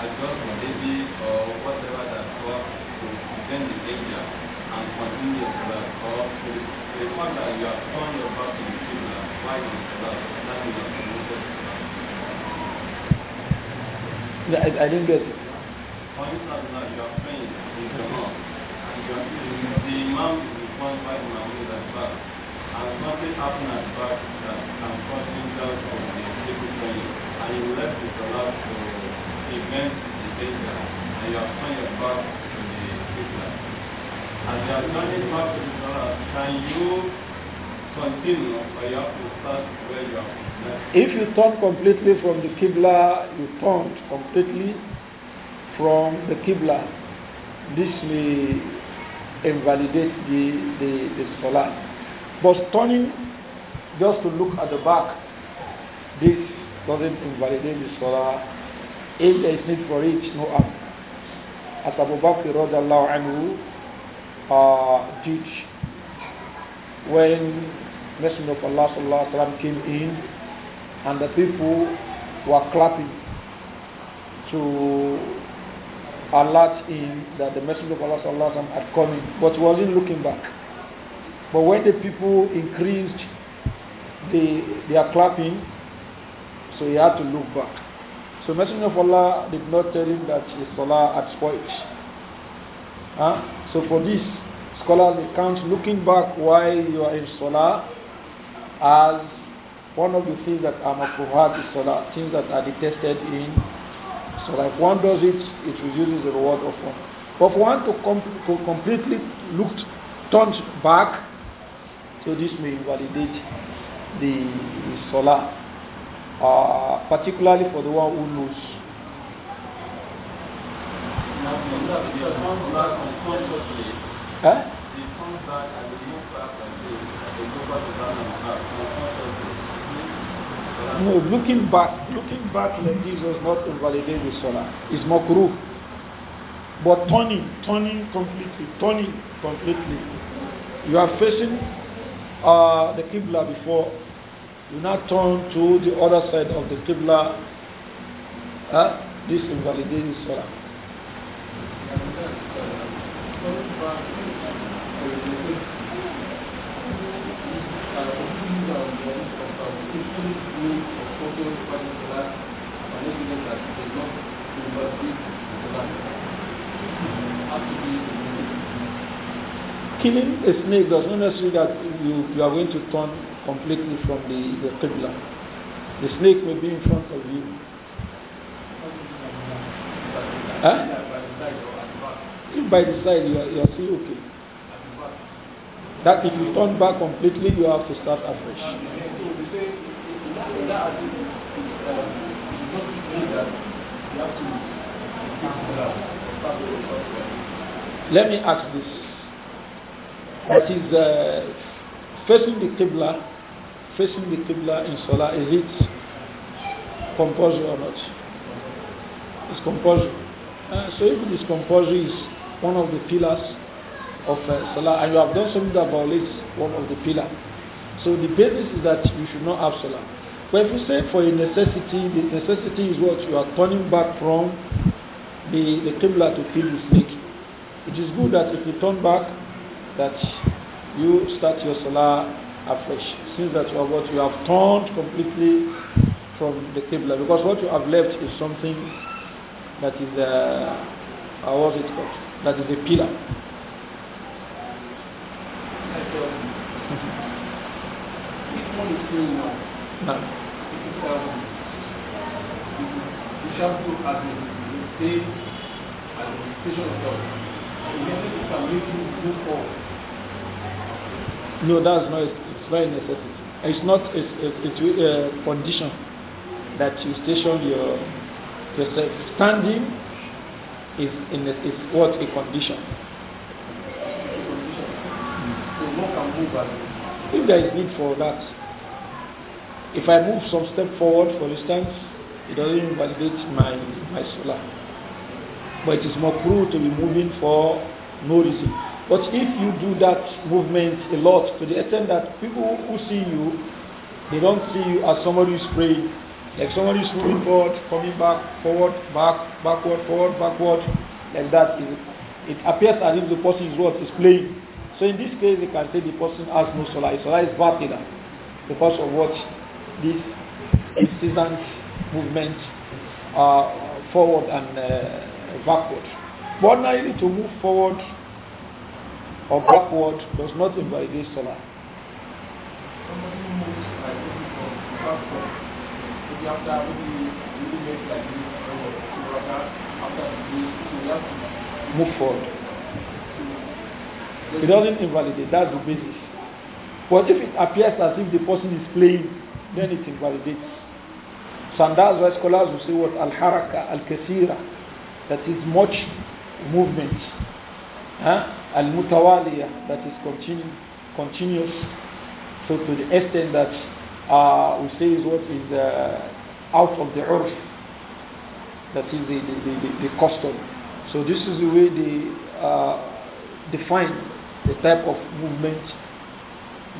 adjust my baby or whatever that was to prevent the danger and continue to salah or to the fact that you have turned your back to the Qibla while you that is your promoted I didn't get it. For instance, now you are praying in the mosque and the imam is informed by the Mahmoud as well and something happened at back that I'm causing doubt the people and you left the salah to can you continue where you are? If you turn completely from the Qibla, you turn completely from the Qibla. This may invalidate the, the, the Salah. But turning just to look at the back, this doesn't invalidate the solar. If there is need for it, no harm. As Abu Bakr radiallahu anhu uh, did when Messenger of Allah sallallahu alaihi came in and the people were clapping to alert him that the Messenger of Allah sallallahu alaihi had come in, but he wasn't looking back. But when the people increased the, their clapping, so he had to look back. So Messenger of Allah did not tell him that his salah had spoiled. Huh? So for this, scholarly counts looking back why you are in salah as one of the things that are makruhat is salah, things that are detested in salah. If one does it, it reduces the reward of one. But for one to, com to completely looked turned back, so this may invalidate the, the salah uh, particularly for the one who knows. Huh? No, looking back, looking back like this does not invalidate the solar. It's makruh. But turning, turning completely, turning completely. You are facing uh, the Qibla before you now turn to the other side of the Qibla, huh? this invalidating Salah. Killing a snake does not necessarily that you, you are going to turn completely from the, the Qibla. The snake may be in front of you. Huh? If by the side you are, you are still okay. That if you turn back completely, you have to start afresh. Let me ask this. What is uh, facing the Qibla facing the Qibla in Salah, is it compulsory or not? It's compulsory. Uh, so even this compulsory is one of the pillars of uh, Salah, and you have done something that violates one of the pillar. So the basis is that you should not have Salah. But if you say for a necessity, the necessity is what you are turning back from the, the Qibla to kill the snake. It is good that if you turn back, that you start your Salah afresh. Since that you what you have turned completely from the Qibla. Because what you have left is something that is a, uh, how was it called? That is a pillar. No, that's not by necessity. It's not a, a, a, condition that you station your yourself. Standing is in a, is what a condition. If there is need for that, if I move some step forward, for instance, it doesn't invalidate my my solar. But it is more cruel to be moving for no reason. But if you do that movement a lot to the extent that people who see you, they don't see you as somebody who's praying. Like somebody who's moving forward, coming back, forward, back, backward, forward, backward, and that. It, appears as if the person is what is playing. So in this case, you can say the person has no solar. Solar is The because of what this incessant movement uh, forward and uh, backward. But now you need to move forward or backward does not invalidate Salah. Move forward. It doesn't invalidate, that's the basis. But if it appears as if the person is playing, then it invalidates. So and scholars will say what al-haraka, al-kathira, that is much movement huh? al-mutawaliya, that is continu- continuous. So to the extent that uh, we say is what is uh, out of the earth, that is the, the, the, the custom. So this is the way they uh, define the type of movement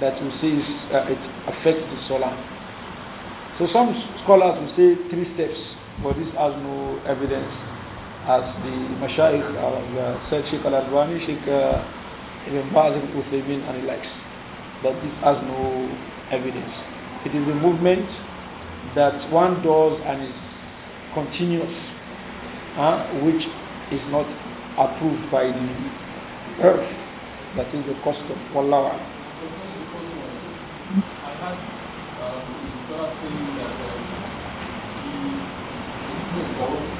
that we say is, uh, it affects the solar. So some scholars will say three steps, but this has no evidence as the Mashaykh said Sheikh Al Albani, Sheikh uh, Ibn Baz Ibn Uthaymeen and the likes. But this has no evidence. It is a movement that one does and is continuous, uh, which is not approved by the earth. That is the custom. of I um,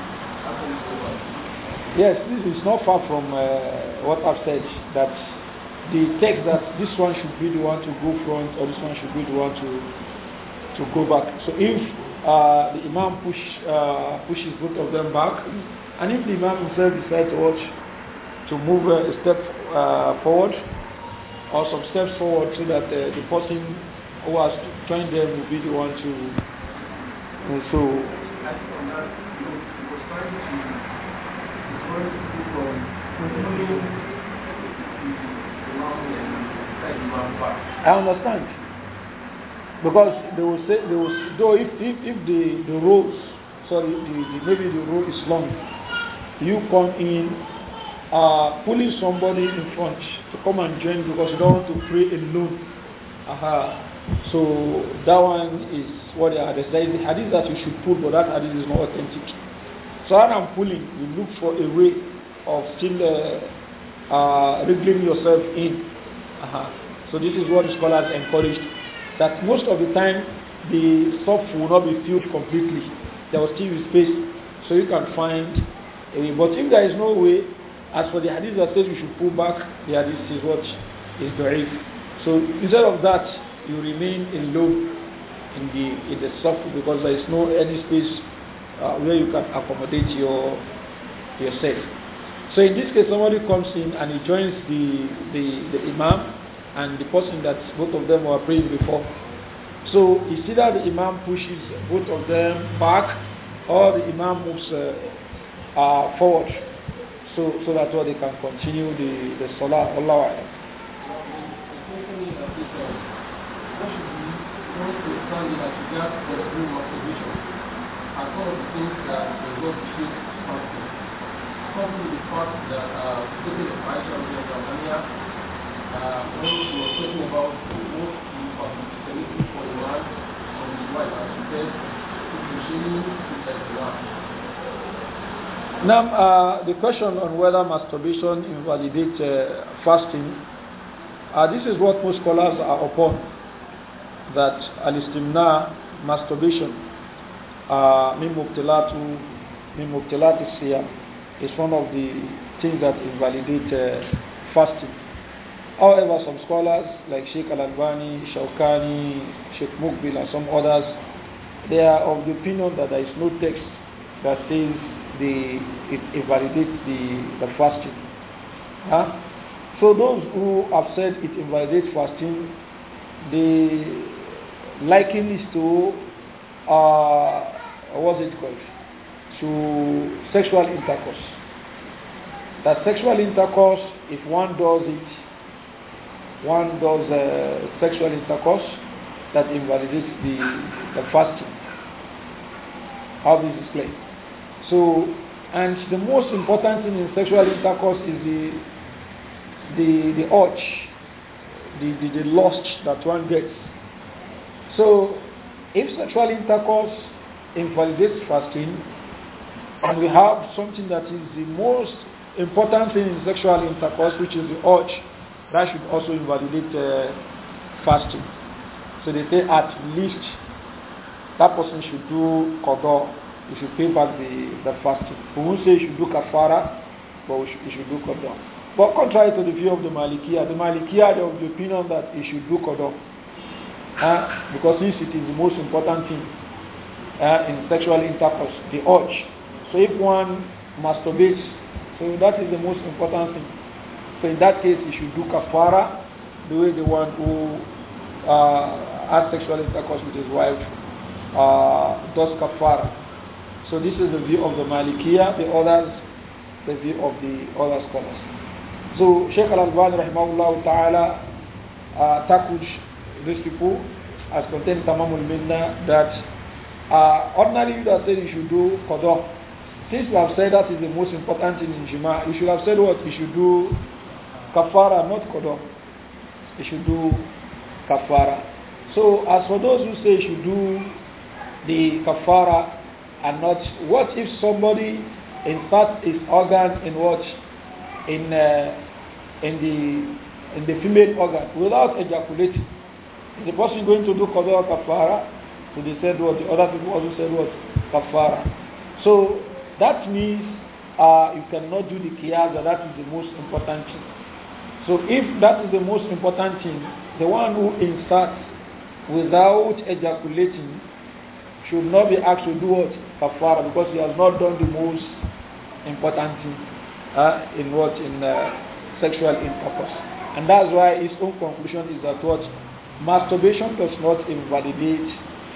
Yes, this is not far from uh, what I've said that the text that this one should be the one to go front or this one should be the one to to go back. So if uh, the imam push uh, pushes both of them back, and if the imam himself decides to watch, to move uh, a step uh, forward or some steps forward, so that uh, the person who has joined them will be the one to uh, so. I understand. Because they will say they will though if if, if the, the rules sorry the, the, maybe the rule is long, you come in uh, pulling somebody in front to come and join because you don't want to pray alone. huh. So that one is what they are deciding. The hadith that you should pull, but that hadith is not authentic. So when I'm pulling, you look for a way of still uh, uh, wriggling yourself in. Uh -huh. So this is what scholars encouraged. that most of the time the stuff will not be filled completely. There will still be space, so you can find a way. But if there is no way, as for the hadith that says you should pull back, the hadith is what is buried. So instead of that, you remain in low in the in the soft because there is no any space uh, where you can accommodate your yourself. So in this case, somebody comes in and he joins the, the, the imam and the person that both of them were praying before. So see that the imam pushes both of them back or the imam moves uh, uh, forward. So, so that they can continue the, the salah. Allah people think that they will treat something. Something the thought that uh, taking the price of the Romania, uh, when we were talking about the most important safety for the man and his wife, as you said, to continue to take the one. Now, uh, the question on whether masturbation invalidates uh, fasting, uh, this is what most scholars are upon, that al-istimna, masturbation, من uh, مبتلات is one of the things that invalidate uh, fasting. However, some scholars like Sheikh Al-Albani, Shawkani, Sheikh Mukbil and some others, they are of the opinion that there is no text that says the, it invalidates the, the fasting. Huh? So those who have said it invalidates fasting, they liken this to uh, or was it called, to sexual intercourse. That sexual intercourse, if one does it, one does uh, sexual intercourse, that invalidates the, the fasting. How this is played. So, and the most important thing in sexual intercourse is the the the urge, the, the, the lust that one gets. So, if sexual intercourse invalidates fasting. And we have something that is the most important thing in sexual intercourse, which is the urge. That should also invalidate uh, fasting. So they say at least that person should do qadar. He should pay back the, the fasting. We won't say he should do kafara, but should, he should do qadar. But contrary to the view of the Malikiya, the Malikiya are of the opinion that he should do qadar. Uh, because this it is the most important thing uh, in sexual intercourse, the urge. So if one masturbates, so that is the most important thing. So in that case, you should do kafara, the way the one who uh, has sexual intercourse with his wife uh, does kafara. So this is the view of the Malikiya, the others, the view of the other scholars. So Sheikh Al-Albani rahimahullah ta'ala uh, these people as contained Tamamul Minna that uh, ordinarily, you have said you should do qadar. Since you have said that is the most important thing in Jima, you should have said what? You should do kafara, not qadar. You should do kafara. So, as for those who say you should do the kafara and not, what if somebody inserts his organ in what? In, uh, in, the, in the female organ without ejaculating? Is the person going to do qadar kafara? So they said what? The other people also said what? Kafara. So that means uh, you cannot do the kiyaza. that is the most important thing. So if that is the most important thing, the one who inserts without ejaculating should not be asked to do what? Kafara, because he has not done the most important thing uh, in what? In uh, sexual intercourse. And that's why his own conclusion is that what? Masturbation does not invalidate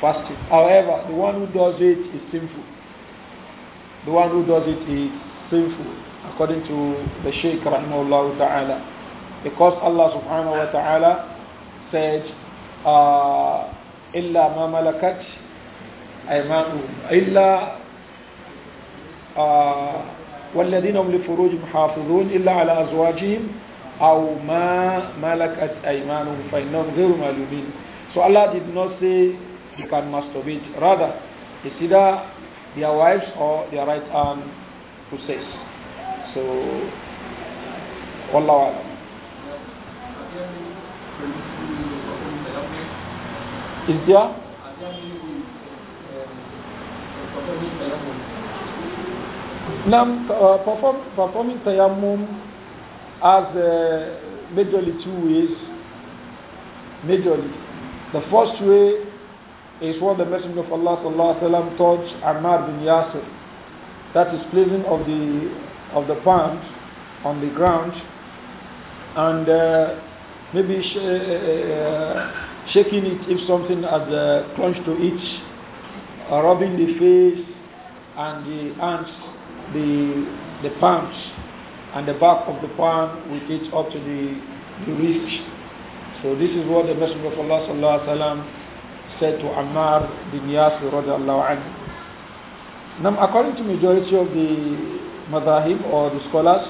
fasting. However, the one who does it is sinful. The one who does it is sinful, according to the Shaykh rahimahullah ta'ala. Because Allah subhanahu wa ta'ala said, إِلَّا مَا مَلَكَتْ أَيْمَانُهُمْ إِلَّا والذين هم لِفُرُوجِ مَحَافُظُونَ إلا على أزواجهم أو ما ملكت أيمانهم فإنهم غير معلومين So Allah did not say you can masturbate. Rather, it's either their wives or their right arm possess. So, Allah Alam. Is there? Now, uh, perform, performing tayammum as uh, majorly two ways. Majorly. The first way is what the Messenger of Allah وسلم, taught Ammar bin Yasir. That is placing of the, of the palms on the ground and uh, maybe sh uh, uh, uh shaking it if something has a uh, clung to it, uh, rubbing the face and the hands, the, the palms and the back of the palm with it up to the, the wrist. So this is what the Messenger of Allah sallallahu alaihi wasallam said to Ammar bin Yasir Now, according to majority of the madhahib or the scholars,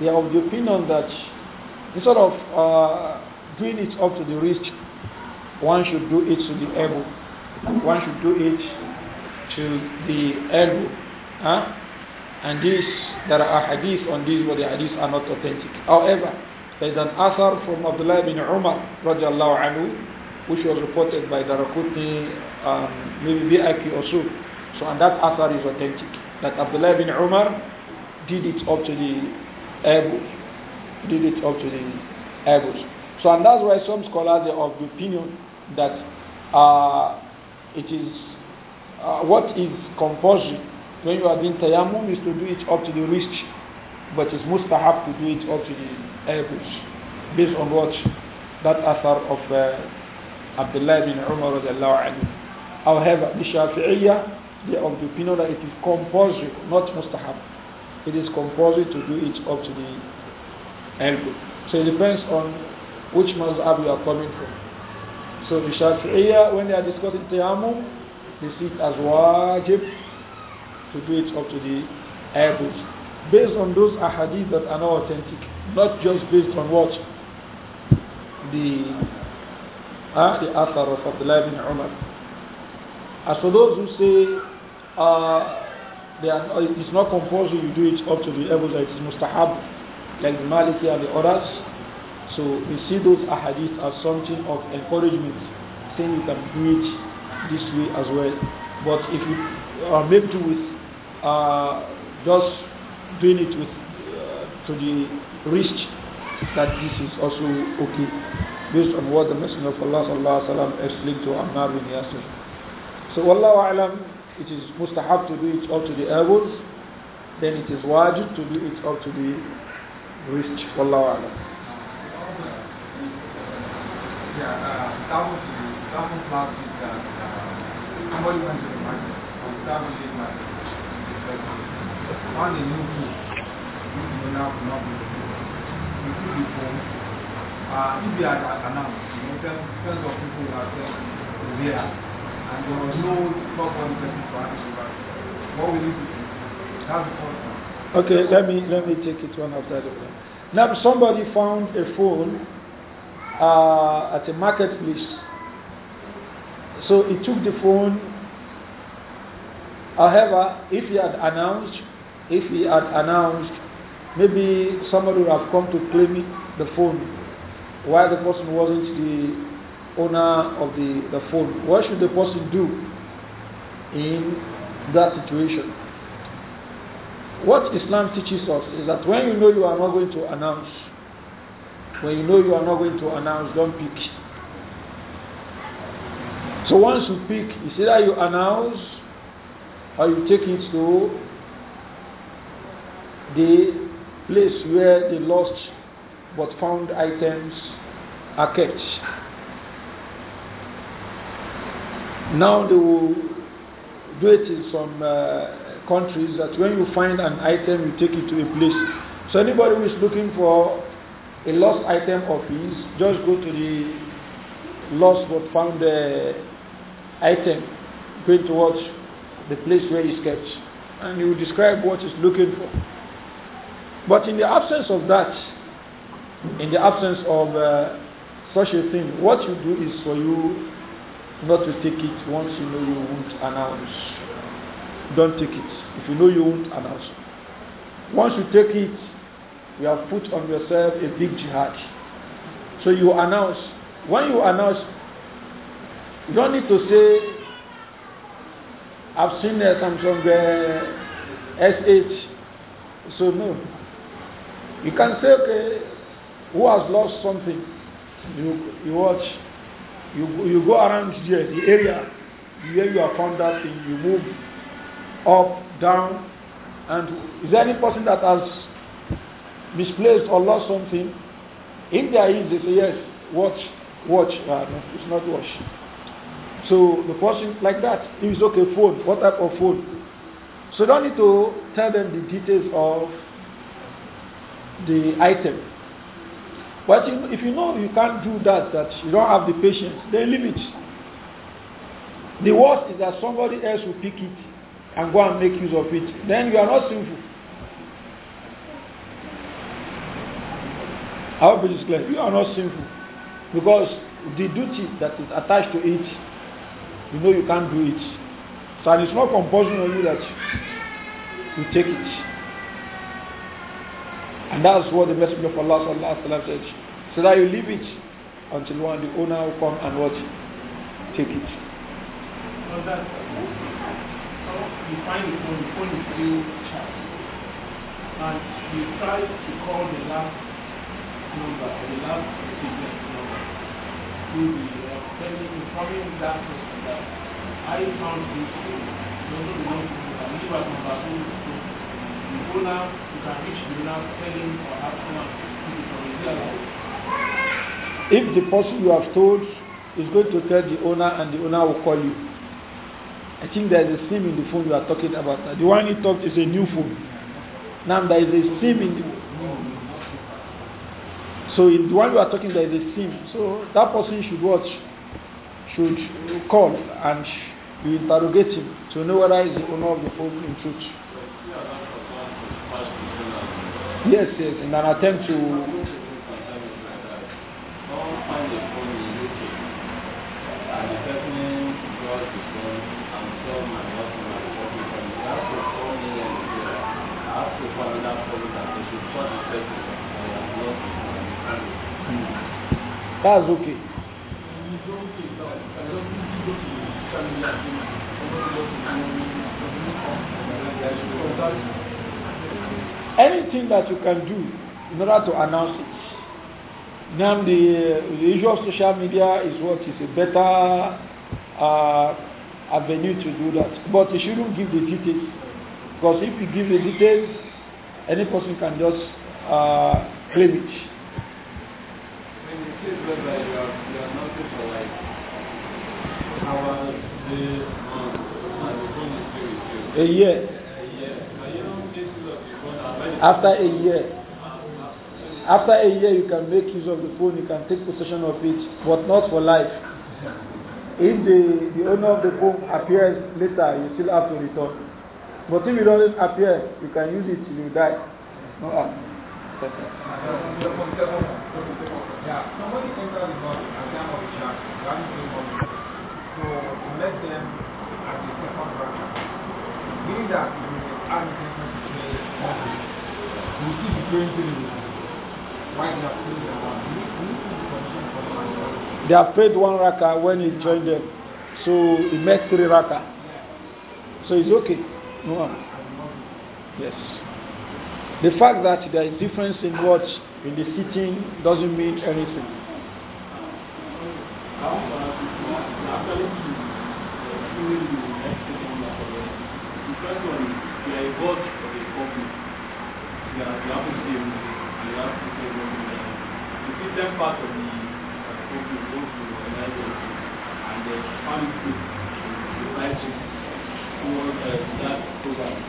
they are of the opinion that instead of uh, doing it up to the wrist, one should do it to the elbow. One should do it to the elbow. Huh? And this, there are hadith on this, but the hadiths are not authentic. However, there is an author from Abdullah bin Umar, radiallahu anhu, which was reported by Darakutni, um, maybe Bi'aki or so. So, and that Athar is authentic. That Abdullah bin Umar did it up to the Airbus. Did it up to the elbows. So, and that's why some scholars are of the opinion that uh, it is uh, what is compulsory when you are doing tayammum is to do it up to the wrist, but it's mustahab to do it up to the elbows, based on what that author of. Uh, Abdullah bin Umar However, the Shafi'iyya, they are of the opinion that it is compulsory, not mustahab. It is compulsory to do it up to the elbow. So it depends on which mazhab you are coming from. So the Shafi'iyya, when they are discussing tayammum, they see it as wajib to do it up to the elbows. Based on those ahadith that are not authentic, not just based on what the uh, the author of Abdullah ibn Umar. As for those who say uh, are, uh, it's not compulsory, you do it up to the level that it's mustahab, like the Maliki and the others, so we see those ahadith as something of encouragement, saying you can do it this way as well. But if you uh, maybe do with uh, just doing it with uh, to the risk that this is also okay based on what the Messenger of Allah sallallahu explained to Ammar bin Yasir. So Wallahu alam, it is mustahab to do it up to the elbows, then it is wajib to do it up to the wrist. Wallahu alam. Yeah, uh, that was the, that was last week uh, somebody went to the market, the market, found a new not The uh, if you are announced, you know, tens, of people are uh, there, and there was no proper for action, what do? the first one. Okay, let me, let me take it one after the other. Now, somebody found a phone uh, at a marketplace. So he took the phone. However, if he had announced, if he had announced, maybe somebody would have come to claim it, the phone why the person wasn't the owner of the, the phone. What should the person do in that situation? What Islam teaches us is that when you know you are not going to announce, when you know you are not going to announce, don't pick. So once you pick, it's either you announce or you take it to the place where the lost but found items are Now they will do it in some uh, countries that when you find an item, you take it to a place. So anybody who is looking for a lost item of his, just go to the lost but found uh, item, going towards the place where it's kept, and you describe what he's looking for. But in the absence of that, in the absence of uh, such a thing, what you do is for you not to take it once you know you won't announce. Don't take it if you know you won't announce. Once you take it, you have put on yourself a big jihad. So you announce. When you announce, you don't need to say, I've seen uh, Samsung uh, SH. So no. You can say, okay, who has lost something? You, you watch, you, you go around there, the area where you have found that thing, you move up, down. And is there any person that has misplaced or lost something? If there is, they say, yes, watch, watch. Uh, no, it's not watch. So the person like that, if it's okay, phone, what type of phone? So don't need to tell them the details of the item. But if you know you can't do that, that you don't have the patience, then leave it. The worst is that somebody else will pick it and go and make use of it. Then you are not sinful. I hope it is clear. You are not sinful because the duty that is attached to it, you know you can't do it. So it's not compulsion on you that you take it. And that's what the Messenger of Allah sallallahu said. So that you leave it until one the owner will come and what take it. So that you find the phone, the phone is still And you try to call the last number, the last recipient number. You'll be telling, informing that person that I found this phone. Don't know the number, I knew what number, you. the owner if the person you have told is going to tell the owner and the owner will call you, I think there is a SIM in the phone you are talking about. The one you talked is a new phone. Now there is a SIM in the so in the one you are talking there is a SIM. So that person should watch, should call and you interrogate him to know whether he is the owner of the phone in truth. Yes, yes, in an attempt to. That's okay. Mm anything that you can do in order to announce it. Now, the, uh, the issue of social media is what is a better uh, avenue to do that. But you shouldn't give the details. Because if you give the details, any person can just uh, claim it. you uh, are, you are not for like hours, days, months, and the phone is still with you. Uh, yeah. After a year, after a year you can make use of the phone, you can take possession of it, but not for life. If the, the owner of the phone appears later, you still have to return. But if you don't appear, you can use it till you die. No ah. harm. So let them at the second bracket. Meaning that you are you see the praying period. Why they are praying around? They have paid one raka when he joined them. So he met three raka. So it's okay. No. Yes. The fact that there is difference in what in the sitting doesn't mean anything. Because Uh, uh, uh,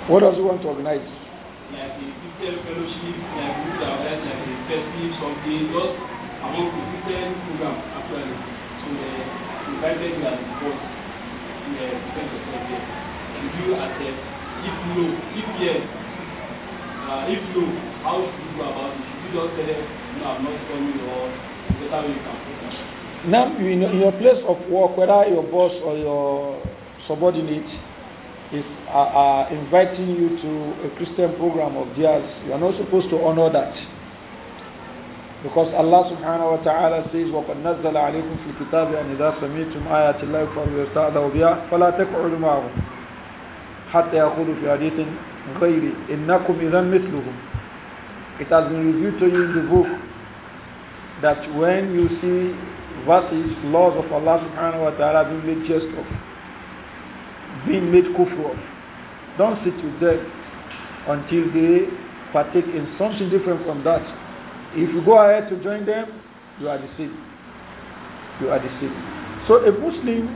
What does he want to organize? Like a Christian fellowship, like we would organize like a festive something, just among the Christian program actually. So they invited me as a boss in the defense of the Did you accept? If no, if Uh, if how you go about it? Should you just tell them, not coming or way you can put them? Now, in, in your place of work, whether your boss or your subordinate is uh, uh, inviting you to a Christian program of theirs, you are not supposed to honor that. Because Allah subhanahu wa ta'ala says, وَقَدْ نَزَّلَ عَلَيْكُمْ فِي الْكِتَابِ أَنْ إِذَا سَمِيتُمْ آيَاتِ اللَّهِ فَلَا تَقْعُدُوا مَعَهُمْ حتى يقولوا في حديث غيري إنكم إذا مثلهم It has been revealed to you in the book that when you see verses, laws of Allah subhanahu wa ta'ala being made just of, being made kufr of, don't sit with them until they partake in something different from that. If you go ahead to join them, you are deceived. You are deceived. So a Muslim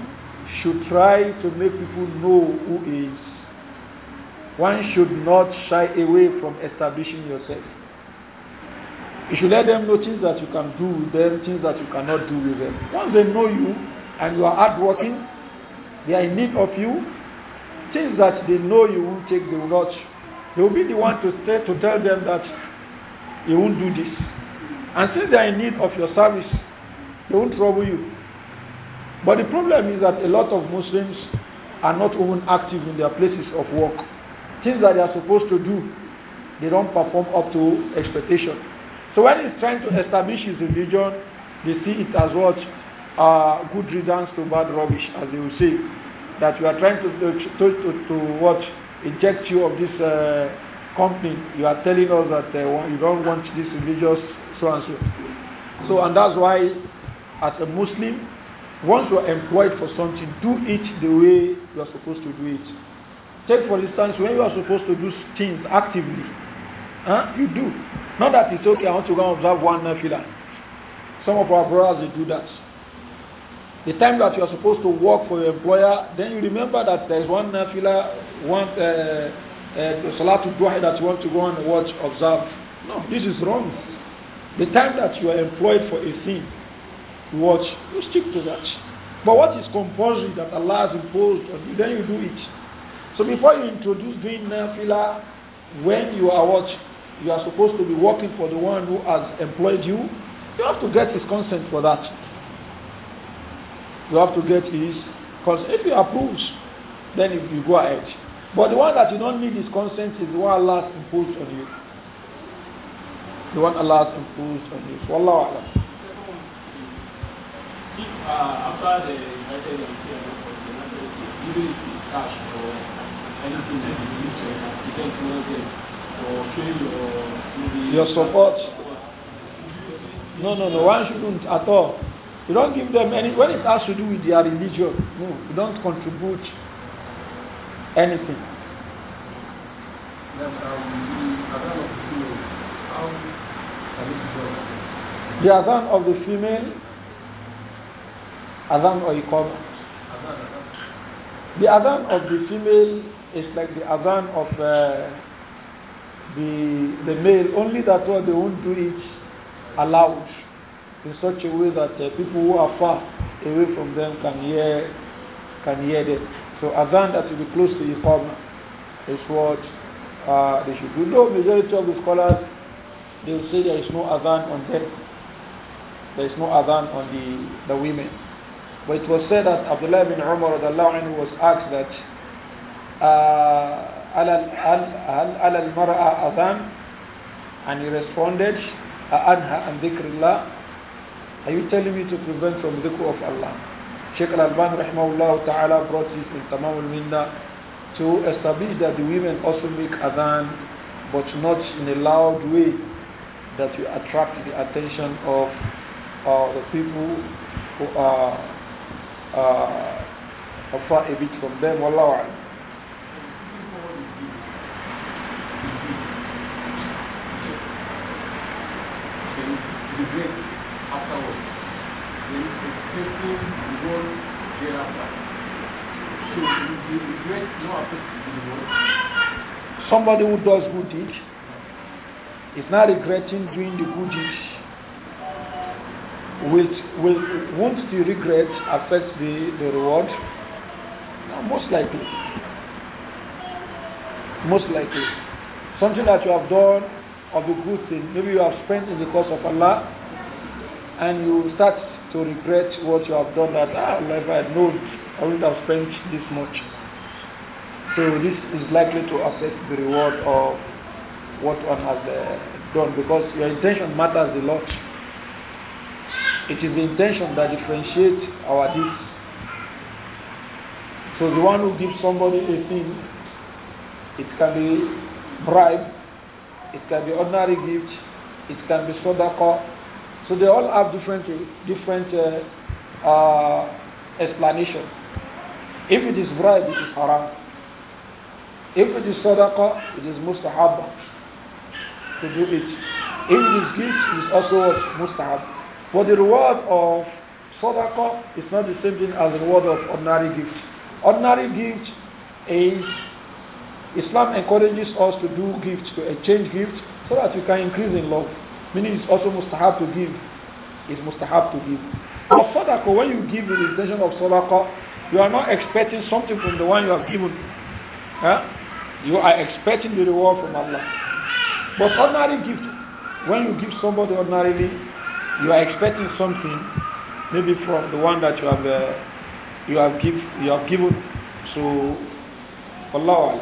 should try to make people know who is one should not shy away from establishing yourself. You should let them know things that you can do with them, things that you cannot do with them. Once they know you and you are hardworking, they are in need of you, things that they know you will take, they will not. They will be the one to, say, to tell them that you won't do this. And since they are in need of your service, they won't trouble you. But the problem is that a lot of Muslims are not even active in their places of work things that they are supposed to do, they don't perform up to expectation. So when he's trying to establish his religion, they see it as what uh, good reasons to bad rubbish, as they will say, that you are trying to to, to, to what inject you of this uh, company. You are telling us that uh, you don't want this religious so and so. So and that's why, as a Muslim, once you are employed for something, do it the way you are supposed to do it. Take for instance, when you are supposed to do things actively, huh? you do. Not that it's okay, I want to go and observe one nafila. Some of our brothers, they do that. The time that you are supposed to work for your employer, then you remember that there is one nafila, one uh, uh, Salatul Duha that you want to go and watch, observe. No, this is wrong. The time that you are employed for a thing, you watch, you stick to that. But what is compulsory that Allah has imposed on you, then you do it. So before you introduce doing nafila, when you are what you are supposed to be working for the one who has employed you, you have to get his consent for that. You have to get his consent. If he approves, then if you go ahead. But the one that you don't need his consent is the one Allah imposed on you. The one Allah has imposed on you. So Allah If uh, after the United even if it's cash or anything that you need to get closer or fail or maybe. Your support. No, no, no. One shouldn't at all. You don't give them any. When it has to do with their religion, no, you don't contribute anything. Um, the adhan of the female, adhan or iqamah. The adhan of the female it's like the Adhan of uh, the, the male, only that what they won't do it aloud in such a way that uh, people who are far away from them can hear can hear them. So Adhan that will be close to home. is what uh, they should do. No, majority of the scholars, they will say there is no Adhan on them. There is no Adhan on the, the women. But it was said that Abdullah bin Umar was asked that al al mara adhan, and he responded "Anha عن are you telling me to prevent from call of Allah Sheikh Al-Alban rahimahullah ta'ala brought this in Tamam al-Minna to establish that the women also make adhan but not in a loud way that will attract the attention of uh, the people who are uh, far a bit from them. Wallahu the So regret the Somebody who does good deeds is not regretting doing the good deeds. Will will won't the regret affect the, the reward? No, most likely. Most likely. Something that you have done of a good thing, maybe you have spent in the cause of Allah and you start to regret what you have done that ah if I had known I wouldn't have spent this much. So this is likely to affect the reward of what one has uh, done because your intention matters a lot. It is the intention that differentiates our deeds. So the one who gives somebody a thing, it can be bribe, it can be ordinary gift, it can be sodaka, so they all have different, different uh, uh, explanation. If it is bribe, it is haram. If it is sadaqah, it is mustahab to do it. If it is gift, it is also mustahab. But the reward of sadaqah is not the same thing as the reward of ordinary gift. Ordinary gift is Islam encourages us to do gifts, to exchange gifts, so that we can increase in love. Meaning it's also mustahab to give. It's mustahab to give. But sadaqah, when you give with the intention of sadaqah, you are not expecting something from the one you have given. Huh? You are expecting the reward from Allah. But ordinary gift, when you give somebody ordinarily, you are expecting something maybe from the one that you have uh, you have give you have given so Allah.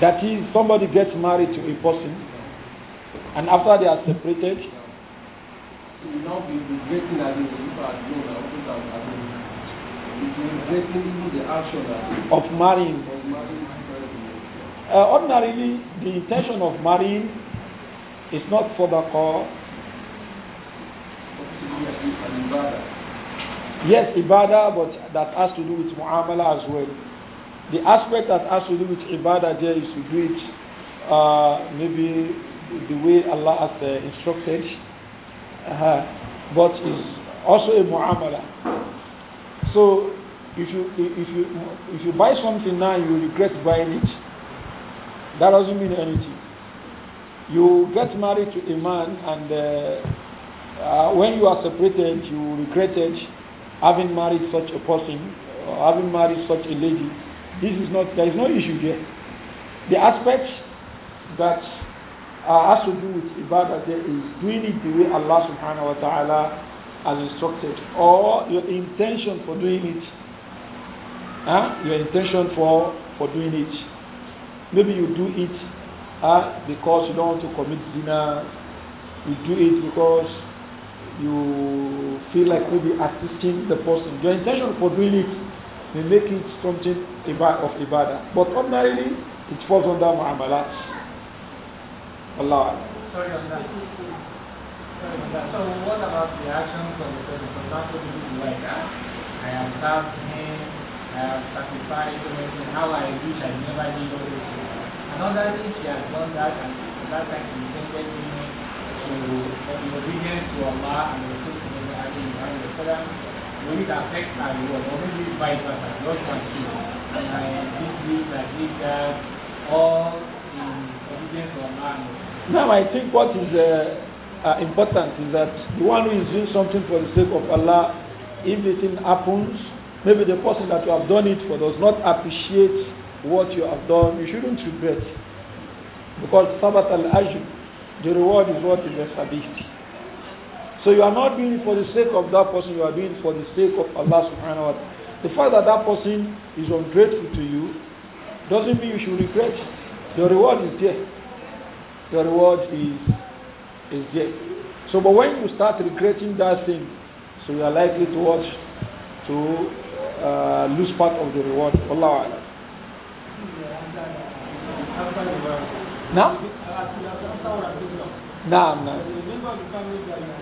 That is, somebody gets married to a person, and after they are separated, of marrying. Uh, ordinarily, the intention of marrying is not for the call. Yes, ibadah, but that has to do with muamala as well. The aspect that has to do with ibadah there is to do it uh, maybe the way Allah has uh, instructed, uh, but is also a mu'amala. So if you, if, you, if you buy something now, you regret buying it. That doesn't mean anything. You get married to a man and uh, uh when you are separated, you regretted having married such a person or having married such a lady. This is not, there is no issue here. The aspect that uh, has to do with ibadah there is doing it the way Allah subhanahu wa ta'ala has instructed or your intention for doing it. Huh? Your intention for, for doing it. Maybe you do it uh, because you don't want to commit zina. You do it because you feel like maybe assisting the person. Your intention for doing it they make it something of ibadah. But ordinarily, it falls under mu'amalat. Allah. Sorry So what about the actions of the person? For example, this is like, I have served him, I have sacrificed him, how I wish I never did all this. Another thing she has done that, and that time she intended me to be obedient to Allah and the Prophet and the Quran, our or maybe vice versa, not I did this, I did that, all in obedience man. Now I think what is uh, uh, important is that the one who is doing something for the sake of Allah, if the thing happens, maybe the person that you have done it for does not appreciate what you have done, you shouldn't regret. Because Sabbath al-Ajr, the reward is what is established. So you are not doing it for the sake of that person, you are doing it for the sake of Allah subhanahu wa ta'ala. The fact that that person is ungrateful to you doesn't mean you should regret. Your reward is there. Your reward is, is there. So, but when you start regretting that thing, so you are likely to watch to uh, lose part of the reward. Allah. Now? Now, now.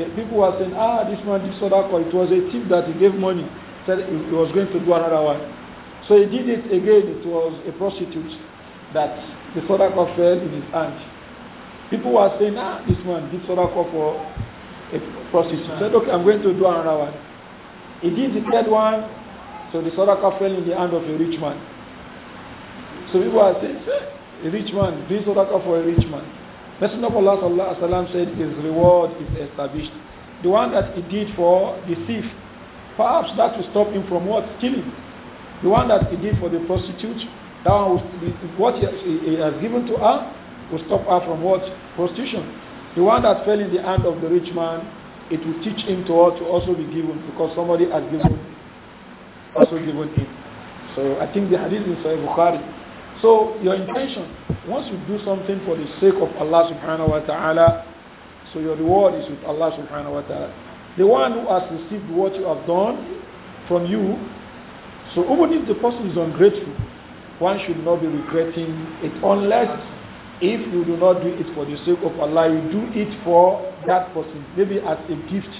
The people were saying, ah, this man did sadaqah. It was a thief that he gave money. Said he was going to do another one. So he did it again. It was a prostitute that the sadaqah fell in his hand. People were saying, ah, this man did sadaqah for a prostitute. said, okay, I'm going to do another one. He did the third one. So the sadaqah fell in the hand of a rich man. So people are saying, a rich man, this sadaqah for a rich man. Messenger of Allah sallallahu alaihi said his reward is established. The one that he did for the thief, perhaps that will stop him from what stealing. The one that he did for the prostitute, that one what he has given to her will stop her from what prostitution. The one that fell in the hand of the rich man, it will teach him to, to also be given because somebody has given also given him. So I think the hadith in Sahih Bukhari so your intention, once you do something for the sake of Allah subhanahu wa ta'ala, so your reward is with Allah subhanahu wa ta'ala. The one who has received what you have done from you, so even if the person is ungrateful, one should not be regretting it unless if you do not do it for the sake of Allah, you do it for that person, maybe as a gift.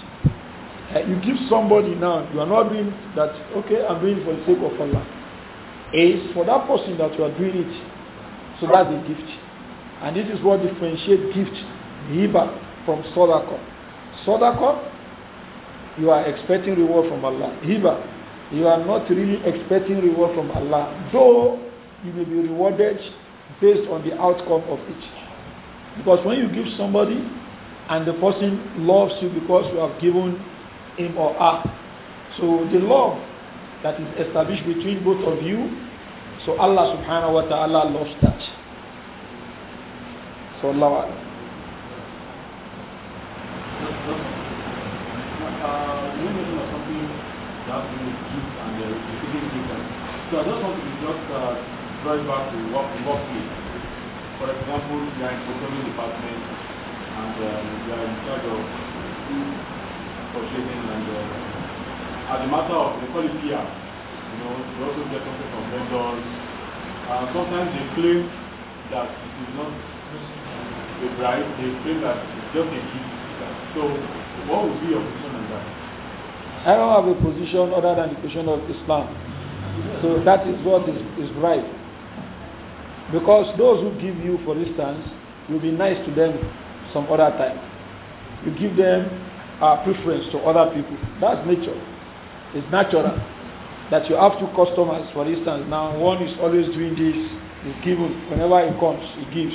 Uh, you give somebody now, you are not doing that, okay, I'm doing it for the sake of Allah is for that person that you are doing it. So that's a gift. And this is what differentiates gift, hiba, from sadaqah. Sadaqah, you are expecting reward from Allah. Hiba, you are not really expecting reward from Allah, though you may be rewarded based on the outcome of it. Because when you give somebody and the person loves you because you have given him or her, so the love that is established between both of you. So Allah subhanahu wa ta'ala loves that. So Allah. So I just want to just uh, drive back to what workplace. For example, you are in procurement department and um, you are in charge of purchasing as a matter of the quality, You know, we also get something from vendors. And sometimes they claim that it is not the right. they claim that it's just a gift. So what would be your position on that? I don't have a position other than the position of Islam. So that is what is, is right. Because those who give you, for instance, you'll be nice to them some other time. You give them a uh, preference to other people. That's nature. It's natural that you have two customers, for instance. Now, one is always doing this, he gives whenever he comes, he gives.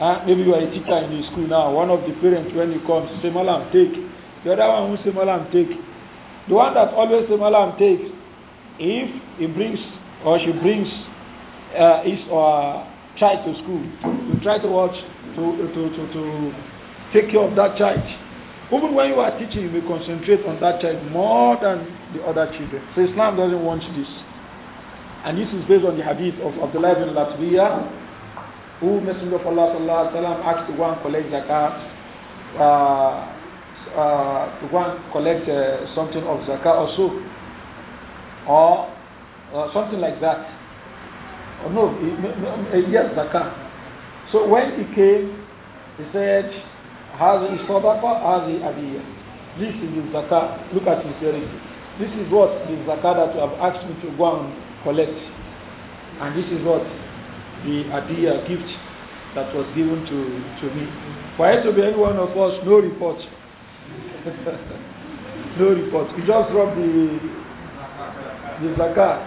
Uh, maybe you are a teacher in the school now. One of the parents, when he comes, say, Malam, take. The other one will say, Malam, take. The one that always say, Malam, take. If he brings or she brings uh, his or child to school, to try to watch, to, to, to, to take care of that child. Even when you are teaching, you may concentrate on that child more than the other children. So Islam doesn't want this. And this is based on the hadith of Abdullah ibn Latvia, who Messenger of Allah sallallahu alayhi wa asked to go and collect zakat, uh, uh, to go and collect uh, something of zakat or so, or uh, something like that. no, yes, zakat. So when he came, he said, هذه الصدقة هذه أدية This is the zakah. Look at sincerity. This is what the zakah that you have asked me to go and collect. And this is what the adiyah gift that was given to, to me. For it to be any one of us, no report. no report. You just drop the, the zakah.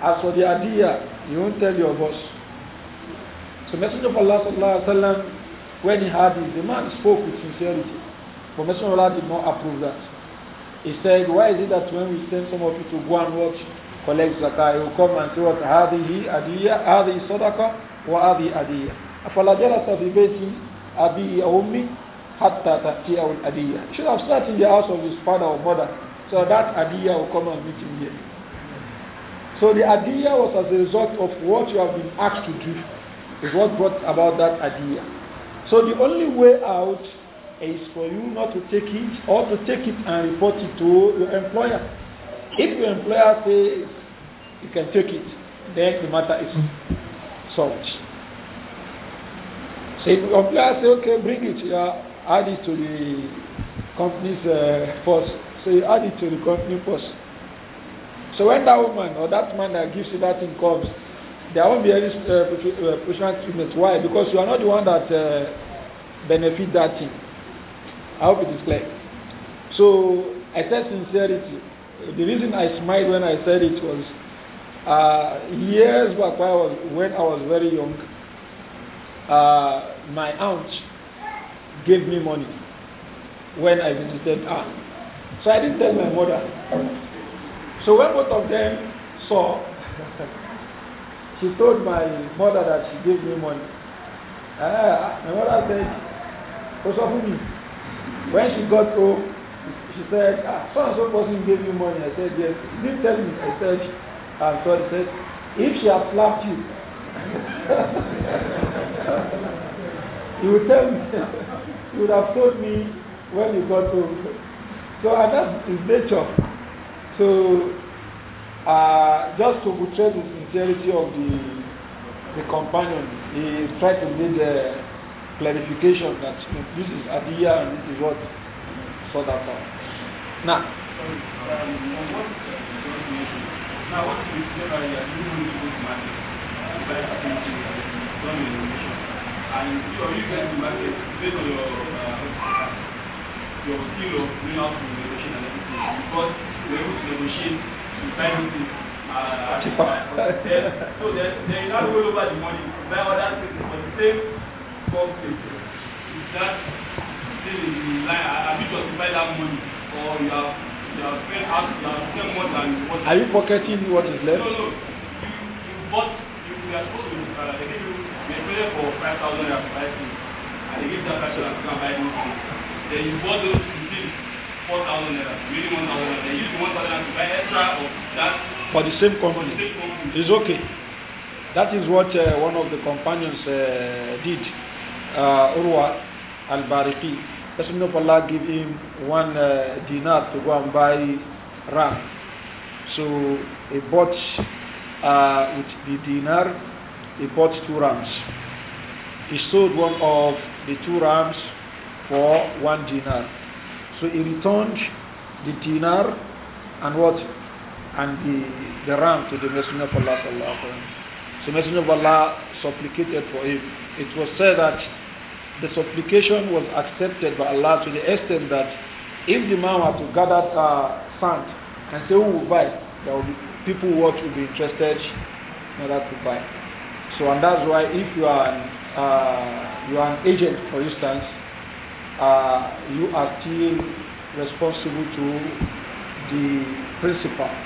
As for the adiyah, you won't tell your boss. So Messenger of Allah sallallahu alaihi wasallam when he heard it, the man spoke with sincerity. But Messenger of did not approve that. He said, Why is it that when we send some of you to go and watch, collect zakah, he will come and say, What? Hadihi adiya, hadihi sadaqah, wa hadihi adiya. the جَلَسَ فِي بَيْتِ أَبِيهِ أُمِّهِ hatta tatiya al adiyya. Should have sat in the house of his father or mother, so that adiyya will come and meet him here. So the adiyya was as a result of what you have been asked to do, is what brought about that adiyya. So the only way out is for you not to take it or to take it and report it to your employer. If your employer says you can take it, then the matter is solved. So if your employer says, okay, bring it, yeah, add it to the company's uh, So you add it to the company post. So when that woman or that man that gives you that thing comes, there won't be any uh, pushment uh, treatment. Why? Because you are not the one that uh, benefit that thing. I hope it is clear. So I said sincerity. The reason I smiled when I said it was uh, years back when I was, when I was very young, uh, my aunt gave me money when I visited her. So I didn't tell my mother. So when both of them saw she told my mother that she gave me money. Ah, my mother said, ó sọ fún mi. When she got home, she said, ah, so and so person gave you money. I said, yes. He didn't tell me. I said, I'm sorry. He said, if she had slapped you, you would tell me. you would have told me when you got home. So I just his nature. So uh, just to portray this sincerity of the the companion he tried to make the clarification that this is adiyah and this is what so sadaqa now now what is the area you want to go to market buy a thing done in relation and you are you get to market based on your uh, your skill of doing out from relation and everything because you are able to negotiate to find things so then they now roll over the money buy other things for the same four is that still in line have you justify that money or you have you have spent out you have spent more than you bought. are you pocketing what is left. no no you you bought you you are supposed to uh, they give you they pay for five thousand naira to buy things and they give that five thousand naira to buy new things then you bought those you give four thousand naira remaining one thousand naira then you use the one thousand naira to buy extra of that. for the same company. It's okay. That is what uh, one of the companions uh, did. Uh, Urwa al-Bariqi. Messenger of Allah gave him one uh, dinar to go and buy ram. So he bought uh, with the dinar, he bought two rams. He sold one of the two rams for one dinar. So he returned the dinar and what? and the, the ram to the Messenger of Allah. So Messenger of Allah supplicated for him. It was said that the supplication was accepted by Allah to the extent that if the man were to gather uh, sand and say who will buy, there will be people who would be interested in order to buy. So and that's why if you are an, uh, you are an agent, for instance, uh, you are still responsible to the principal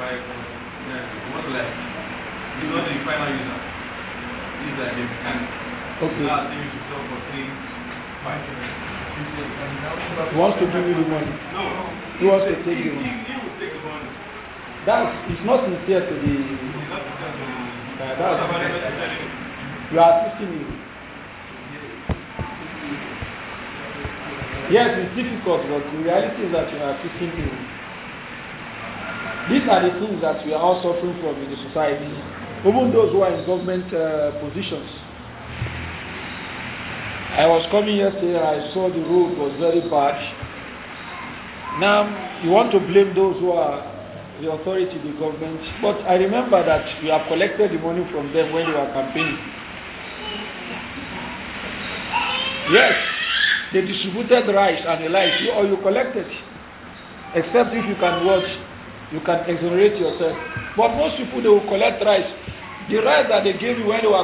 Okay. He wants to give you the money. No, no. He wants to take the money. He will take the money. That's it's not sincere to the. Uh, you are assisting him. Yes, it's difficult, but the reality is that you are assisting him. These are the things that we are all suffering from in the society, even those who are in government uh, positions. I was coming yesterday and I saw the road was very bad. Now, you want to blame those who are the authority, the government, but I remember that you have collected the money from them when you were campaigning. Yes, they distributed rice and the like, you, or you collected, except if you can watch you can exonerate yourself. But most people, they will collect rice. The rice that they gave you when they were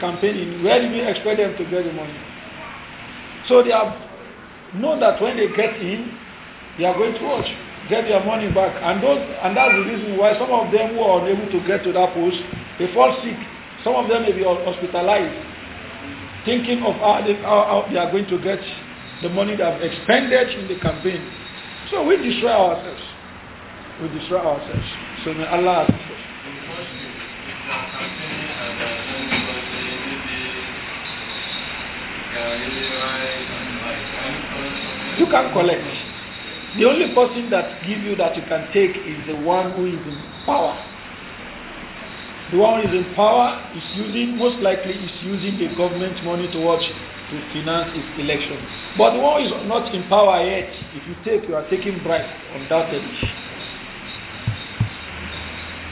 campaigning, where do you expect them to get the money? So they have known that when they get in, they are going to watch, get their money back. And, those, and that's the reason why some of them who are unable to get to that post, they fall sick. Some of them may be hospitalized, thinking of how they, how, how they are going to get the money they have expended in the campaign. So we destroy ourselves we destroy ourselves. So may Allah You can collect. The only person that give you that you can take is the one who is in power. The one who is in power is using, most likely is using the government money to watch, to finance his election. But the one who is not in power yet, if you take, you are taking bribe, undoubtedly.